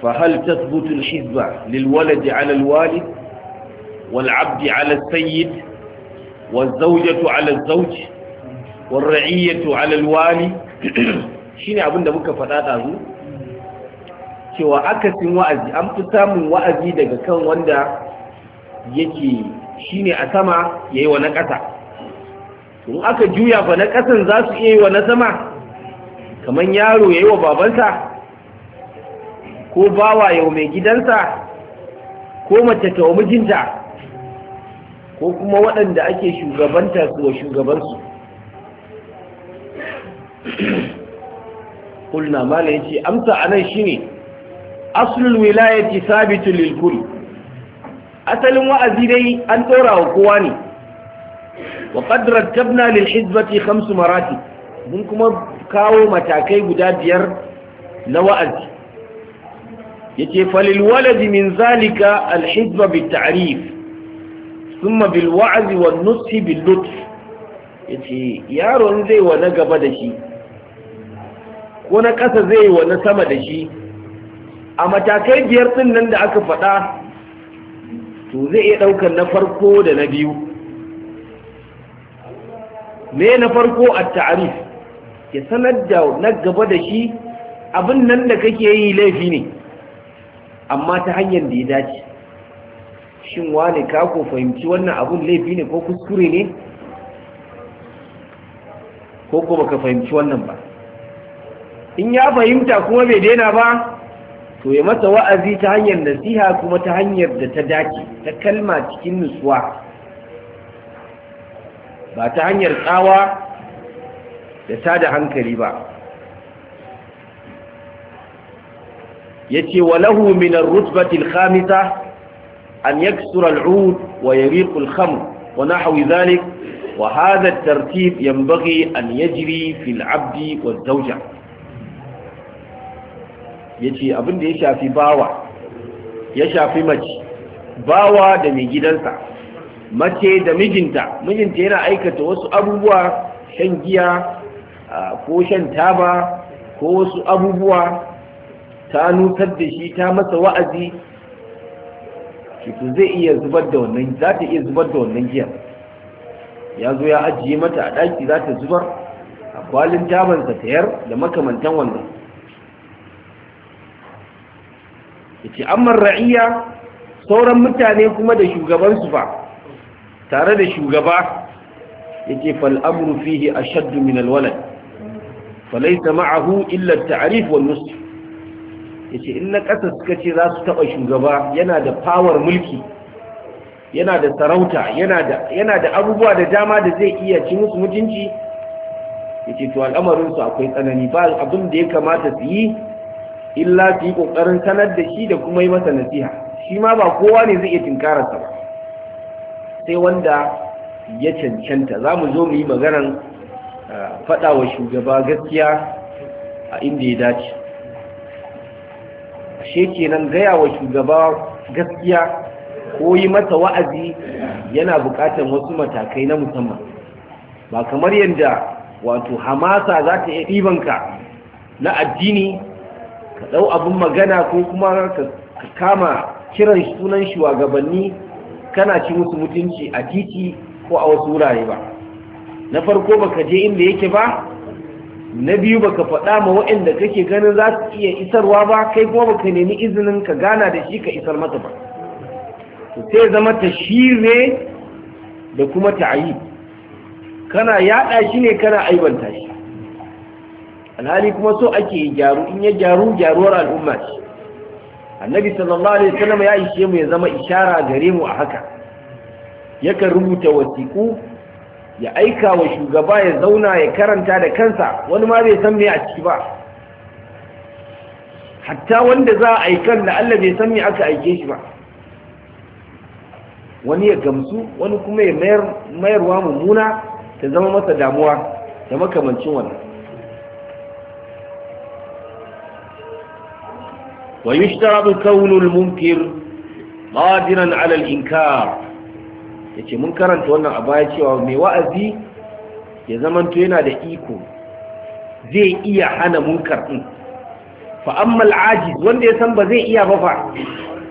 fahal tasbutul hizba lilwaladi alal alwalid walAbdi abdi ala sayyid wal alal ala zawj wal ra'iyatu shine abin da muka faɗa ɗazu cewa akasin wa'azi an fi samun wa'azi daga kan wanda yake shi ne a sama yi wa na ƙasa tun aka juya fa na ƙasan za su iya yi wa na sama kamar yaro yayi wa babansa ko bawa yau mai gidansa ko mace ta mijinta ko kuma waɗanda ake shugabanta su wa shugabansu kulna mala ce amsa anan shine aslul wilayati thabitun lil kulli asalin wa'azi dai an tsora wa kowa ne wa ƙadrar tabna lil'izbati hamsu marati mun kuma kawo matakai guda biyar na wa'azi ya ce falilwalaji min zalika alhizba bi ta'arif summa bil wa'azi wa nusi bil ya ce yaron zai wa na gaba da shi ko na ƙasa zai wa na sama da shi a matakai biyar ɗin nan da aka faɗa to zai iya ɗaukar na farko da na biyu me na farko a ta'arif ya sanar da na gaba da shi abin nan da kake yi laifi ne amma ta hanyar da ya dace shin wane ka ko fahimci wannan abun laifi ne ko kuskure ne ko ko baka fahimci wannan ba in ya fahimta kuma bai daina ba to masa wa'azi ta hanyar nasiha kuma ta hanyar da ta dace ta kalma cikin nutsuwa ba ta hanyar tsawa da da hankali ba yace walahu min ar-rutbati khamisa an yaksura al-'ud wa yariqu al-khamr wa nahwi dhalik wa hadha at-tartib an yajri fi abdi yace abin da ya shafi bawa ya shafi mace bawa da mai gidansa mace da mijinta mijinta yana aikata wasu abubuwa shan giya ko shan taba ko wasu abubuwa ta nutar da shi ta masa wa'azi to zai iya zubar da wannan za ta iya zubar da wannan giya ya zo ya ajiye mata a ɗaki za ta zubar a kwalin tabansa tayar da makamantan wannan yace amman ra'iya sauran mutane kuma da shugabansu ba tare da shugaba yake fal amru fihi ashadd min alwalad walad falaysa ma'ahu illa at wal nusf yace in na kasa suka ce za su taba shugaba yana da power mulki yana da sarauta yana da yana da abubuwa da dama da zai iya ci musu mutunci yace to al'amarin su akwai tsanani ba abin da ya kamata su yi illa su yi ƙoƙarin sanar da shi da kuma yi masa nasiha shi ma ba kowa ne zai iya tinkararsa ba sai wanda ya cancanta za mu zo mu yi maganan eh, faɗa wa shugaba gaskiya a inda ya dace ashe kenan gaya wa shugaba gaskiya ko yi masa wa'azi yana buƙatar wasu matakai na musamman ba kamar yadda wato hamasa za ta iya ɗibanka na addini ka ɗau abin magana ko kuma ka kama kiran sunan shugabanni kana ci musu mutunci a titi ko a wasu wurare ba na farko baka je inda yake ba na biyu baka faɗa ma waɗanda kake ganin za su iya isarwa ba kai kuma baka nemi izinin ka gana da shi ka isar mata ba sai zama ta shire da kuma ta'ayi kana yaɗa shi ne kana aibanta shi alhali kuma so ake gyaru in ya gyaru gyaruwar al'umma ce annabi sallallahu alaihi wasallam ya ishe mu ya zama ishara gare mu a haka yakan rubuta wasiku ya aika wa shugaba ya zauna ya karanta da kansa wani ma bai san me a ciki ba hatta wanda za a aikan da Allah bai san me aka aike shi ba wani ya gamsu wani kuma ya mayar mayarwa mummuna ta zama masa damuwa da makamancin wannan ويشترط كون المنكر قادرا على الإنكار yace mun karanta wannan a baya cewa mai wa'azi ya zamanto yana da iko zai iya hana munkar din fa ammal ajiz wanda ya san ba zai iya ba fa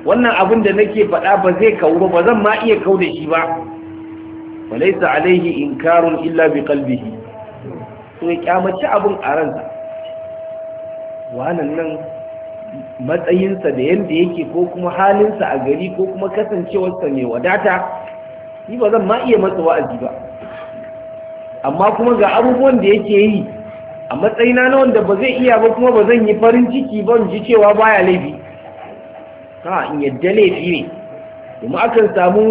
wannan abin da nake faɗa ba zai kawo ba zan ma iya kau da shi ba wa laysa alaihi inkarun illa bi qalbihi to ya kyamaci abin a ransa wannan nan matsayinsa da yadda yake ko kuma halinsa a gari ko kuma kasancewarsa mai wadata ni ba zan ma iya masa wa'azi ba amma kuma ga abubuwan da yake yi a matsayina na wanda ba zai iya ba kuma ba zan yi farin ciki ba ji cewa baya laifi ha in yadda laifi ne kuma akan samu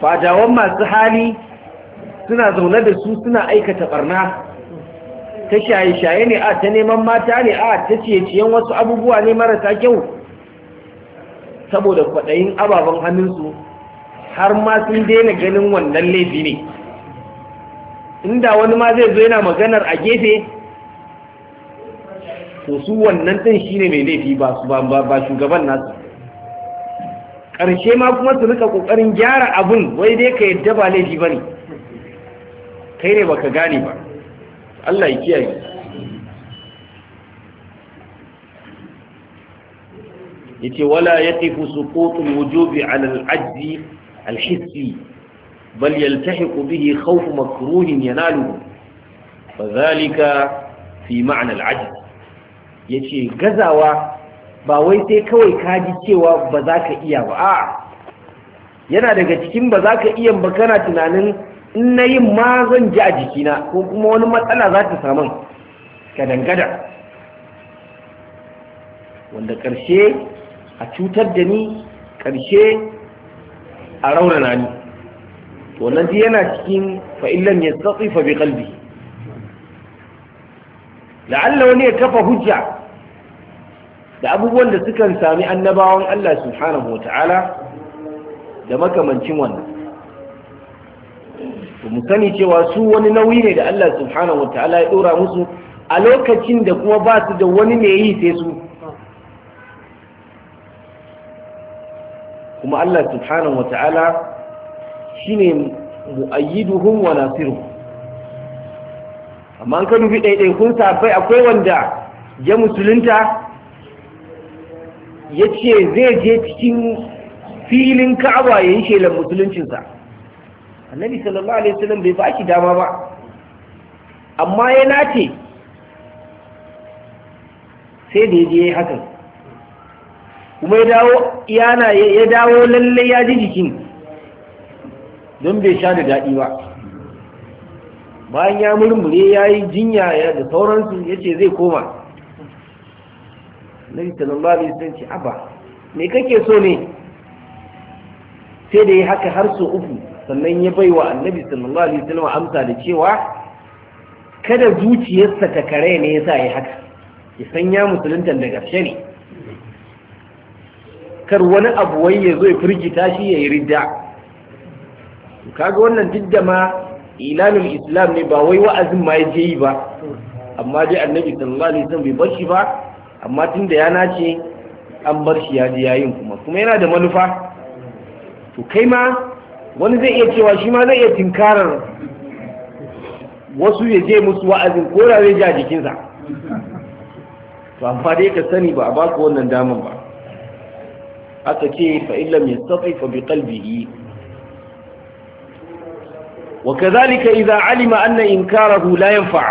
fadawan masu hali suna zaune da su suna aikata barna ta shaye-shaye ne a ta neman mata ne a ta ciye-ciyen wasu abubuwa ne marasa kyau saboda kwaɗayin ababen hannunsu har ma sun daina ganin wannan laifi ne inda wani ma zai zo yana maganar a gefe to su wannan ɗin shi ne mai laifi ba shugaban nasu ƙarshe ma kuma su rika ƙoƙarin gyara abin wai dai ka yadda ba laifi ba ne kai ne baka gane ba Allah ya kiyaye yace wala ya yaqifu suqutul wujubi ala al-ajzi al-hissi bal yaltahiqu bihi khawf makruhin yanaluhu fadhalika fi ma'na al-ajz yace gazawa ba wai sai kawai ka ji cewa ba za ka iya ba a'a yana daga cikin ba za ka iya ba kana tunanin in na yin ma zan ji a jikina ko kuma wani matsala za ta samun kadangada wanda ƙarshe a cutar da ni ƙarshe a raunana ni wannan ji yana cikin fa'illan ya tsatsi fabi bi kalbi la'alla wani ya kafa hujja da abubuwan da sukan sami annabawan Allah subhanahu wa ta'ala da makamancin wannan to mu sani cewa su wani nauyi ne da Allah subhanahu wataala ya dora musu a lokacin da kuma ba su da wani ne yi sai su kuma Allah subhanahu wataala shine mu'ayyiduhum wa Nasiru. amma an ka kun safai akwai wanda ya musulunta ya ce zai je cikin filin ka'aba ya yi shelar musuluncinsa annabi sallallahu alaihi wasallam bai baki dama ba amma ya nace sai da je hakan kuma ya dawo yana ya dawo lalle ya ji jikin don bai sha da daɗi ba bayan ya murmure ya yi jinya da sauransu ya ce zai koma na yi sallallahu alaihi wasallam ce abba me kake so ne sai da ya haka har so uku sannan ya bai wa annabi sallallahu alaihi wasallam amsa da cewa kada zuciyarsa ta kare ne yasa yi haka ya sanya musulunta da gaske ne kar wani abu wai ya zo ya firgita shi ya yi ridda kaga wannan duk da ma ilalul islam ne ba wai wa'azin ma ya je yi ba amma dai annabi sallallahu alaihi wasallam bai bar shi ba amma tunda ya nace an bar shi ya ji yayin kuma kuma yana da manufa to kai ma wani zai iya cewa shi ma zai iya tinkarar wasu ya je musu wa'azin ko da zai ja jikinsa to amma dai ka sani ba a baka wannan damar ba aka ce fa illam yastati fa bi qalbihi wa kadhalika idha alima anna inkarahu la yanfa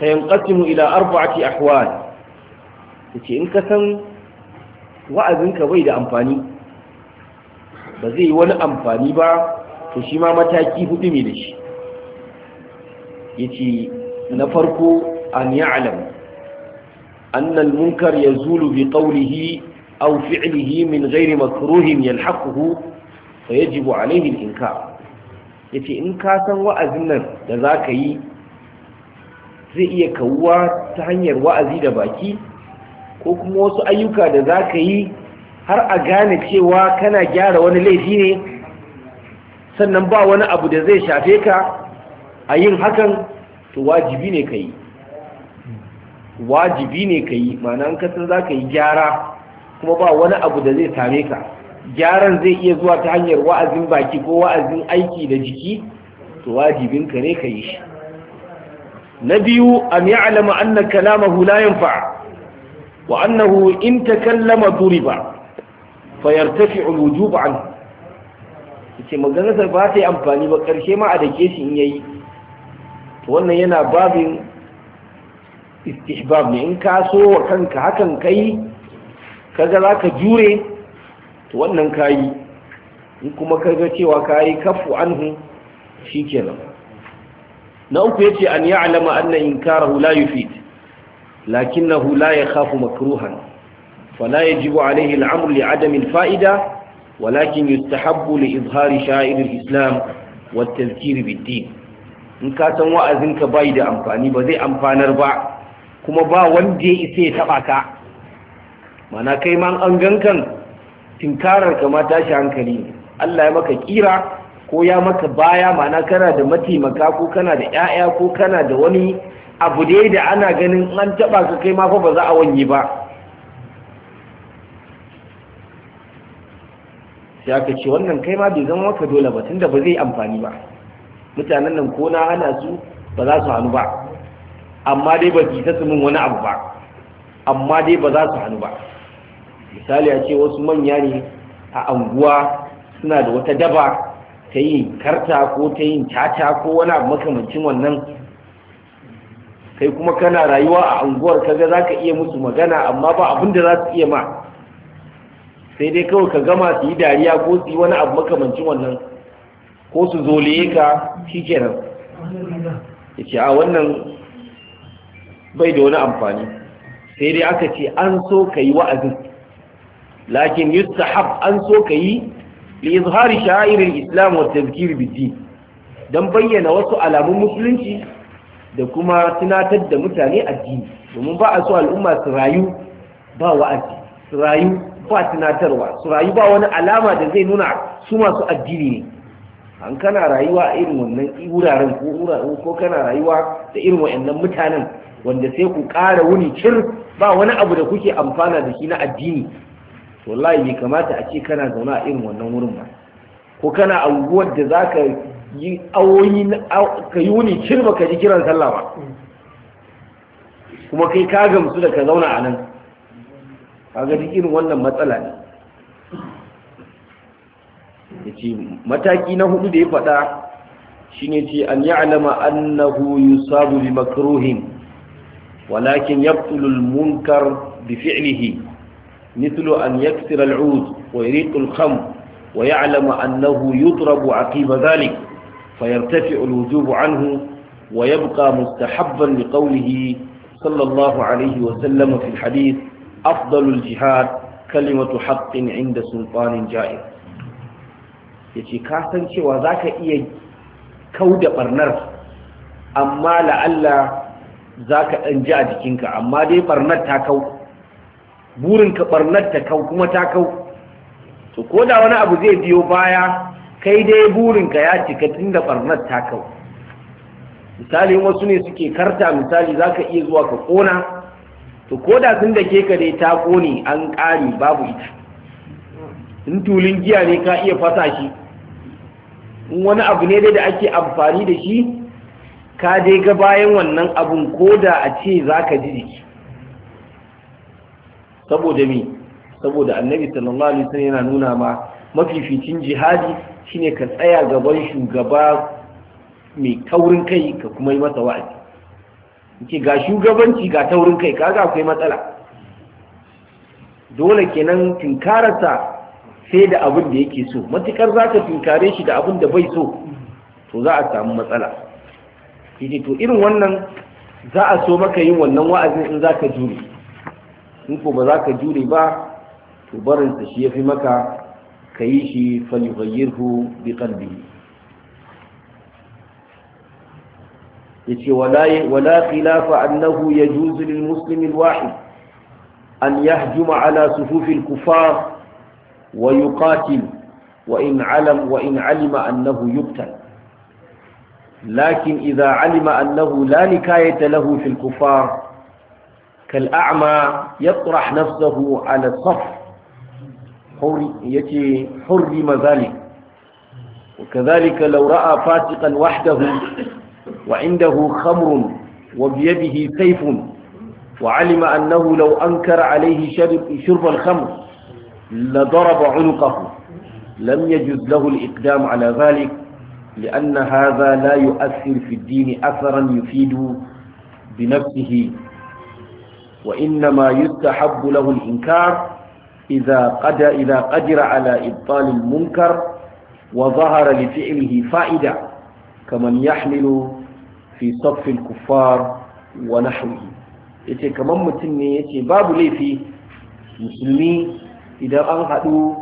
fa yanqasimu ila arba'ati ahwal yace in ka san wa'azinka bai da amfani ba zai yi wani amfani ba to shi ma mataki hudu ne da shi yace na farko an ya'lam أن المنكر يزول بقوله أو فعله من غير مكروه يلحقه فيجب عليه Ya yace in ka san wa'azin nan da za ka yi zai iya kawuwa ta hanyar wa'azi da baki ko kuma wasu ayyuka da za ka yi har a gane cewa kana gyara wani laifi ne sannan ba wani abu da zai shafe ka a yin hakan to wajibi ne ka yi wajibi ne ka yi mana an kasar za ka yi gyara kuma ba wani abu da zai same ka gyaran zai iya zuwa ta hanyar wa'azin baki ko wa'azin aiki da jiki to ka ne ka yi shi na biyu an ya'lama anna kalamahu la yanfa wa annahu in takallama duriba fayartafi alwujubu an magana maganarsa ba ta yi amfani ba karshe ma a dake shi in yayi to wannan yana babin istihbab ne in ka so wa kanka hakan kai kaga zaka jure to wannan kayi in kuma kaga cewa kayi kafu anhu shikenan na uku yace an ya'lama anna inkarahu la yufid lakinnahu la yakhafu makruhan فلا يجب عليه الأمر لعدم الفائدة ولكن يستحب لإظهار شائر الإسلام والتذكير بالدين in ka san wa'azinka bai da amfani ba zai amfanar ba kuma ba wanda ya isa ya taba ka mana kai ma an gankan tinkarar ka ma tashi hankali Allah ya maka kira ko ya maka baya mana kana da mataimaka ko kana da ƴaƴa ko kana da wani abu dai da ana ganin an taba ka kai ma fa ba za a wanye ba sai aka ce wannan kai ma bai zama maka dole ba da ba zai amfani ba mutanen nan ko na hana su ba za su hannu ba amma dai ba su ta su min wani abu ba amma dai ba za su hannu ba misali a ce wasu manya ne a anguwa suna da wata daba ta yi karta ko ta yin tata ko wani abu makamancin wannan kai kuma kana rayuwa a anguwar kaga za ka iya musu magana amma ba abin da za su iya ma sai dai kawai ka gama su yi dariya ko su yi wani abu makamancin wannan ko su zoleye ka shi kenan ya ce a wannan bai da wani amfani sai dai aka ce an so ka yi wa'azin lakin yustahab an so ka yi zuhari sha'irin islam wa tazkir biji don bayyana wasu alamun musulunci da kuma tunatar da mutane addini domin ba a so al'umma su rayu ba wa'azi su rayu ba tunatarwa su rayu ba wani alama da zai nuna su masu addini ne an kana rayuwa a irin wannan wuraren ko wuraren ko kana rayuwa da irin wa'annan mutanen wanda sai ku ƙara wuni cir ba wani abu da kuke amfana da shi na addini wallahi bai kamata a ce kana zauna a irin wannan wurin ba ko kana anguwar da za ka yi awoyi ka yi wuni cir ba ka ji kiran sallah ba kuma kai ka gamsu da ka zauna a nan kaga duk irin wannan matsala ne mataki na hudu da ya faɗa shine ce an ya'lama annahu yusabu bi makruhin walakin yabtulu munkar bi fi'lihi mithlu an yaksira al-'ud wa yuriqu al-khamr wa ya'lama annahu yutrabu 'aqiba dhalik tafi al bu 'anhu wa yabqa mustahabban liqawlihi sallallahu alayhi wa sallam fi hadith afdalul jihad kalimatu haqqin inda sultanin ja'ir yace ka san cewa zaka iya kauda barnar amma la'alla zaka dan ji a jikinka amma dai barnar ta kau burinka barnar ta kau kuma ta kau to koda wani abu zai biyo baya kai dai burinka ya cika da barnar ta kau misali wasu ne suke karta misali zaka iya zuwa ka ƙona? to ko da sun da ke ka dai ta ƙone an ƙari babu ita in tulun giya ne ka iya fasa shi in wani abu ne dai da ake amfani da shi ka dai ga bayan wannan abun ko da a ce za ka ji jiki saboda saboda annabi sallallahu alaihi wasallam yana nuna ma mafificin jihadi shine ka tsaya gaban shugaba mai taurin kai ka kuma yi masa wa'azi ke ga shugabanci ga taurin kai kaga akwai matsala dole kenan tunkararsa sai da abin da yake so matukar za ka tunkare shi da abin da bai so to za a samu matsala yace to irin wannan za a so maka yin wannan wa'azin in za ka jure in ko ba za ka jure ba to barinsa shi ya fi maka ka yi shi falyughayyirhu bi kalbi يتي ولا ولا خلاف انه يجوز للمسلم الواحد ان يهجم على صفوف الكفار ويقاتل وان علم وان علم انه يقتل لكن اذا علم انه لا نكايه له في الكفار كالاعمى يطرح نفسه على الصف حر يتي حرم ذلك وكذلك لو راى فاسقا وحده وعنده خمر وبيده سيف وعلم أنه لو أنكر عليه شرب, شرب الخمر لضرب عنقه لم يجد له الإقدام على ذلك لأن هذا لا يؤثر في الدين أثرا يفيد بنفسه وإنما يستحب له الإنكار إذا قدر, إذا قدر على إبطال المنكر وظهر لفعله فائدة كمن يحمل fi saffin kufar wa Ya yace kamar mutum ne yace babu laifi musulmi idan an haɗu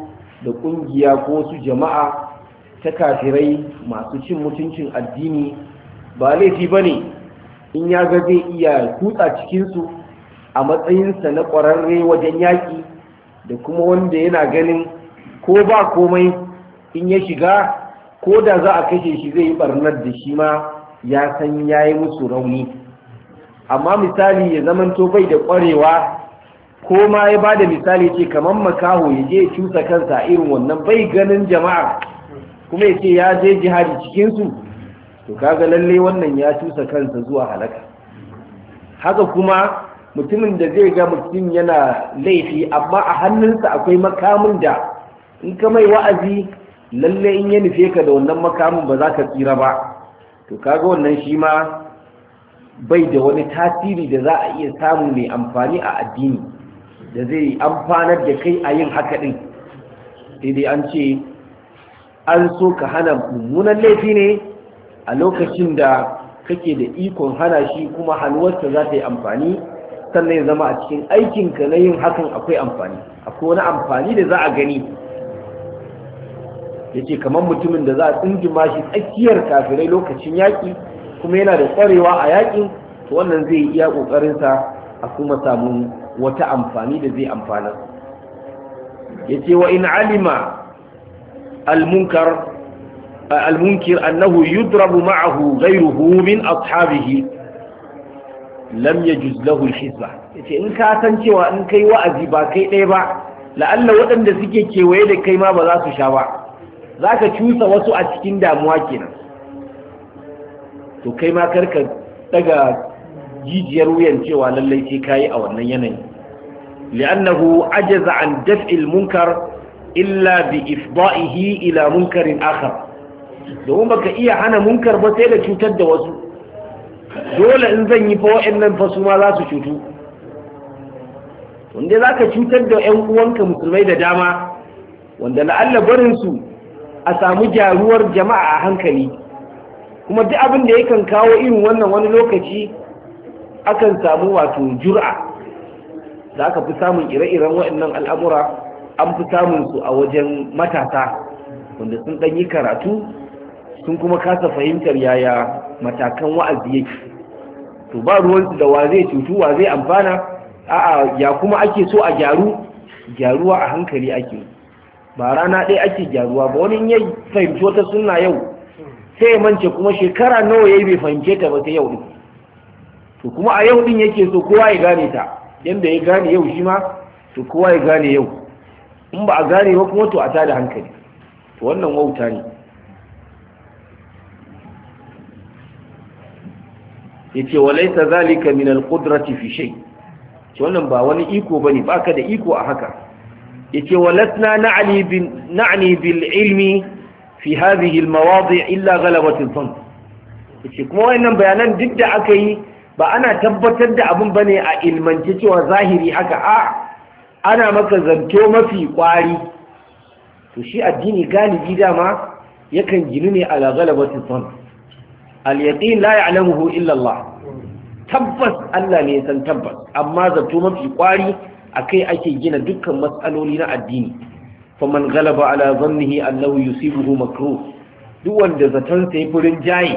da ƙungiya ko su jama'a ta kafirai masu cin mutuncin addini ba laifi ba ne in ya ga zai iya kutsa cikinsu a matsayinsa na ƙwararre wajen yaƙi da kuma wanda yana ganin ko ba komai in ya shiga ko da za a kashe shi zai yi ɓarnar da shi ma ya san ya yi musu rauni amma misali ya zamanto bai da ƙwarewa ko ma ya ba da misali ce kamar makaho ya je cusa kansa irin wannan bai ganin jama'a kuma ya ce ya je jihadi cikinsu to kaga lalle wannan ya cusa kansa zuwa halaka haka kuma mutumin da zai ga mutum yana laifi amma a hannunsa akwai makamin da in ka mai wa'azi lalle in ya nufe ka da wannan makamin ba za ka tsira ba to kaga wannan shi ma bai da wani tasiri da za a iya samu mai amfani a addini da zai amfanar da kai a yin haka ɗin sai dai an ce an so ka hana mummunan laifi ne a lokacin da kake da ikon hana shi kuma hannuwarsa za ta yi amfani sannan ya zama a cikin aikinka na yin hakan akwai amfani akwai wani amfani da za a gani yace kamar mutumin da za a tsindima shi tsakiyar kafirai lokacin yaƙi kuma yana da tsarewa a yaƙin to wannan zai iya ƙoƙarinsa a kuma samu wata amfani da zai amfana yace wa in alima almunkir annahu yudrabu ma'ahu ghayruhu min ashabihi lam yajuz lahu al yace in ka san cewa in kai wa'azi ba kai ɗaya ba la'alla waɗanda suke kewaye da kai ma ba za su sha ba za ka cusa wasu a cikin damuwa kenan to kai ma karka daga jijiyar wuyan cewa lallai sai kayi a wannan yanayi li'annahu ajaza an daf'il munkar illa bi ifda'ihi ila munkarin akhar domin baka iya hana munkar ba sai da cutar da wasu dole in zan yi fa wa'annan fa su ma za su cutu wanda za ka cutar da 'yan uwanka musulmai da dama wanda la'alla barinsu a samu jaruwar jama'a a hankali kuma duk abin da yakan kawo irin wannan wani lokaci akan samu wato jura da aka fi samun ire-iren waɗannan al'amura an fi samun su a wajen matasa wanda sun ɗan yi karatu sun kuma kasa fahimtar yaya matakan wa'azi yake to ba ruwansu da wa zai cutu wa zai amfana a'a ya kuma ake so a gyaru gyaruwa a hankali ake yi. ba rana ɗaya ake gyaruwa ba wani ya fahimci wata suna yau sai mance kuma shekara nawa ya yi bai fahimce ta ba yau din to kuma a yau din yake so kowa ya gane ta yadda ya gane yau shi ma to kowa ya gane yau in ba a gane ba kuma to a tada hankali to wannan wauta ne ya yace walaysa zalika min al fi ce wannan ba wani iko ba ne ba ka da iko a haka ya walasna na'ni na'ani bil ilmi fi hadhihi al illa ghalabat al dhann kuma wayannan bayanan duk da aka yi ba ana tabbatar da abin bane a ilmance cewa zahiri haka a ana maka zanto mafi kwari to shi addini galibi dama yakan ginu ne ala ghalabat al al yaqin la ya'lamuhu illa Allah tabbas Allah ne san tabbas amma zato mafi kwari akai ake gina dukkan matsaloli na addini faman galaba ala zannihi annahu yusibuhu makruh duk wanda zaton sai furin jayi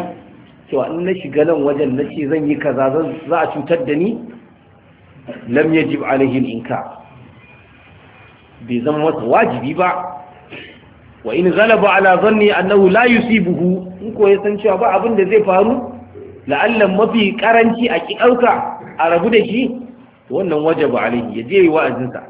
to an na shiga nan wajen na ce zan yi kaza za a cutar da ni lam yajib alaihi al bai zama masa wajibi ba wa in galaba ala zanni annahu la yusibuhu in ko ya san cewa ba abin da zai faru la'allan mafi karanci a ki dauka a rabu da shi wannan wajaba alaihi ya je wa'azin sa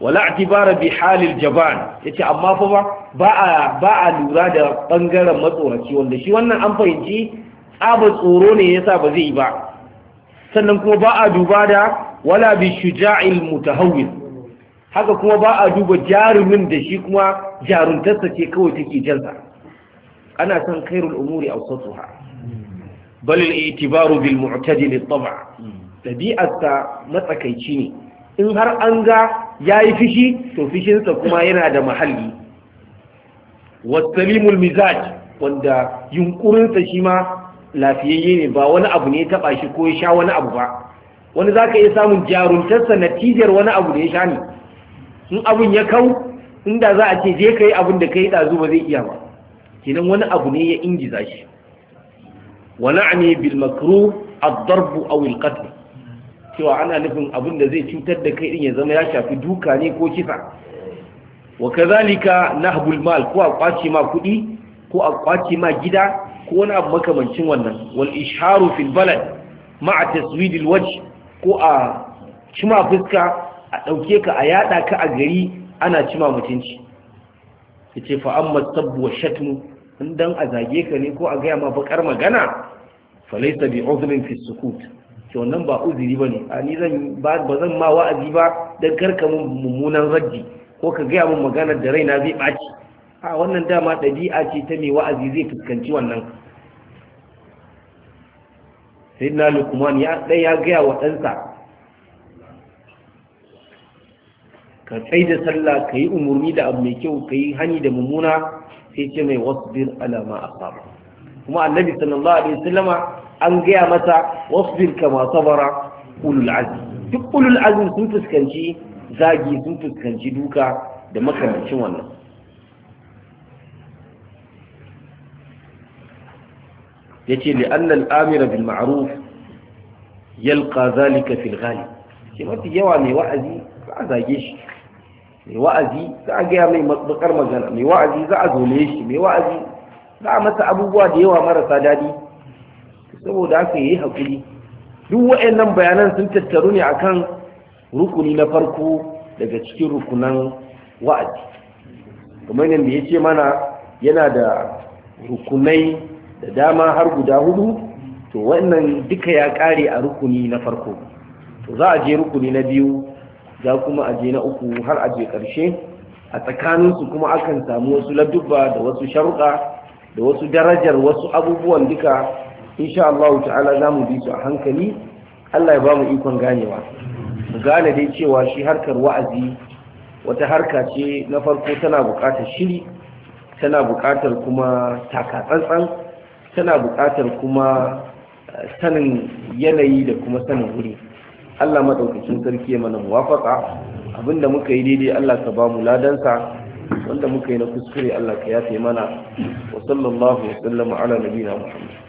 wala atibara bi halil jaban yace amma fa ba a ba a lura da bangaren matsoraci wanda shi wannan an fahimci tsabar tsoro ne yasa ba zai ba sannan kuma ba a duba da wala bi shuja'il mutahawwil haka kuma ba a duba jarumin da shi kuma jaruntarsa ce kawai take jansa ana san khairul umuri awsatuha bal Balil itibaru bil mu'tadil at-tab' ɗabi'arsa matsakaici ne in har an ga ya yi fishi to fishinsa kuma yana da mahalli wasalimul mizaj wanda yunkurinsa shi ma lafiyayye ne ba wani abu ne ya taɓa shi ko ya sha wani abu ba wani za ka iya samun jaruntarsa natijar wani abu da ya sha ne in abin ya kau inda za a ce je ka yi abin da ka yi ɗazu ba zai iya ba kenan wani abu ne ya ingiza shi wani ne bil makru ad-darbu aw al cewa ana nufin abin da zai cutar da kai din ya zama ya shafi duka ne ko kisa wa kazalika nahbul mal ko a kwace ma kudi ko a kwace ma gida ko wani abu makamancin wannan wal isharu fil balad ma'a taswidil wajh ko a cima fuska a dauke ka a yada ka a gari ana cima mutunci yace fa amma sabbu wa shatmu in dan a zage ka ne ko a gaya ma bakar magana falaysa bi uzrin fi sukut to nan ba uzuri bane a ni zan ba zan ma wa'azi ba dan karka mun mummunan raddi ko ka gaya mun maganar da raina zai baci a wannan dama dabi'a ce ta mai wa'azi zai fuskanci wannan Sai na lukman ya dai ya gaya wa ɗansa ka tsai da sallah ka yi umarni da abu mai kyau ka yi hani da mummuna sai ce mai wasbir alama a asaba kuma annabi sallallahu alaihi wasallama an gaya masa wasbir kama sabara ulul azmi duk ulul azmi sun fuskanci zagi sun fuskanci duka da makamancin wannan yace li anna al-amira bil ma'ruf yalqa zalika fil ghalib shi mafi yawa mai wa'azi za a zage shi mai wa'azi za a gaya mai bakar magana mai wa'azi za a zole shi mai wa'azi za a masa abubuwa da yawa marasa daɗi saboda haka yi hakuri duk waɗannan bayanan sun tattaru ne akan rukuni na farko daga cikin rukunan wa'azi kamar yadda ya ce mana yana da rukunai da dama har guda hudu to wannan duka ya ƙare a rukuni na farko to za a je rukuni na biyu za kuma a je na uku har a je ƙarshe a tsakaninsu kuma akan samu wasu ladubba da wasu sharuɗa da wasu darajar wasu abubuwan duka insha Allah ta'ala za mu bi su a hankali Allah ya ba mu ikon ganewa mu gane dai cewa shi harkar wa'azi wata harka ce na farko tana buƙatar shiri tana buƙatar kuma tsantsan, tana buƙatar kuma eh, sanin yanayi da kuma sanin wuri Allah maɗaukacin sarki ya mana muwafaƙa abinda muka yi daidai Allah ka ba mu ladansa wanda muka yi na kuskure Allah ka yafe mana wa sallallahu wa sallama ala nabiyina Muhammad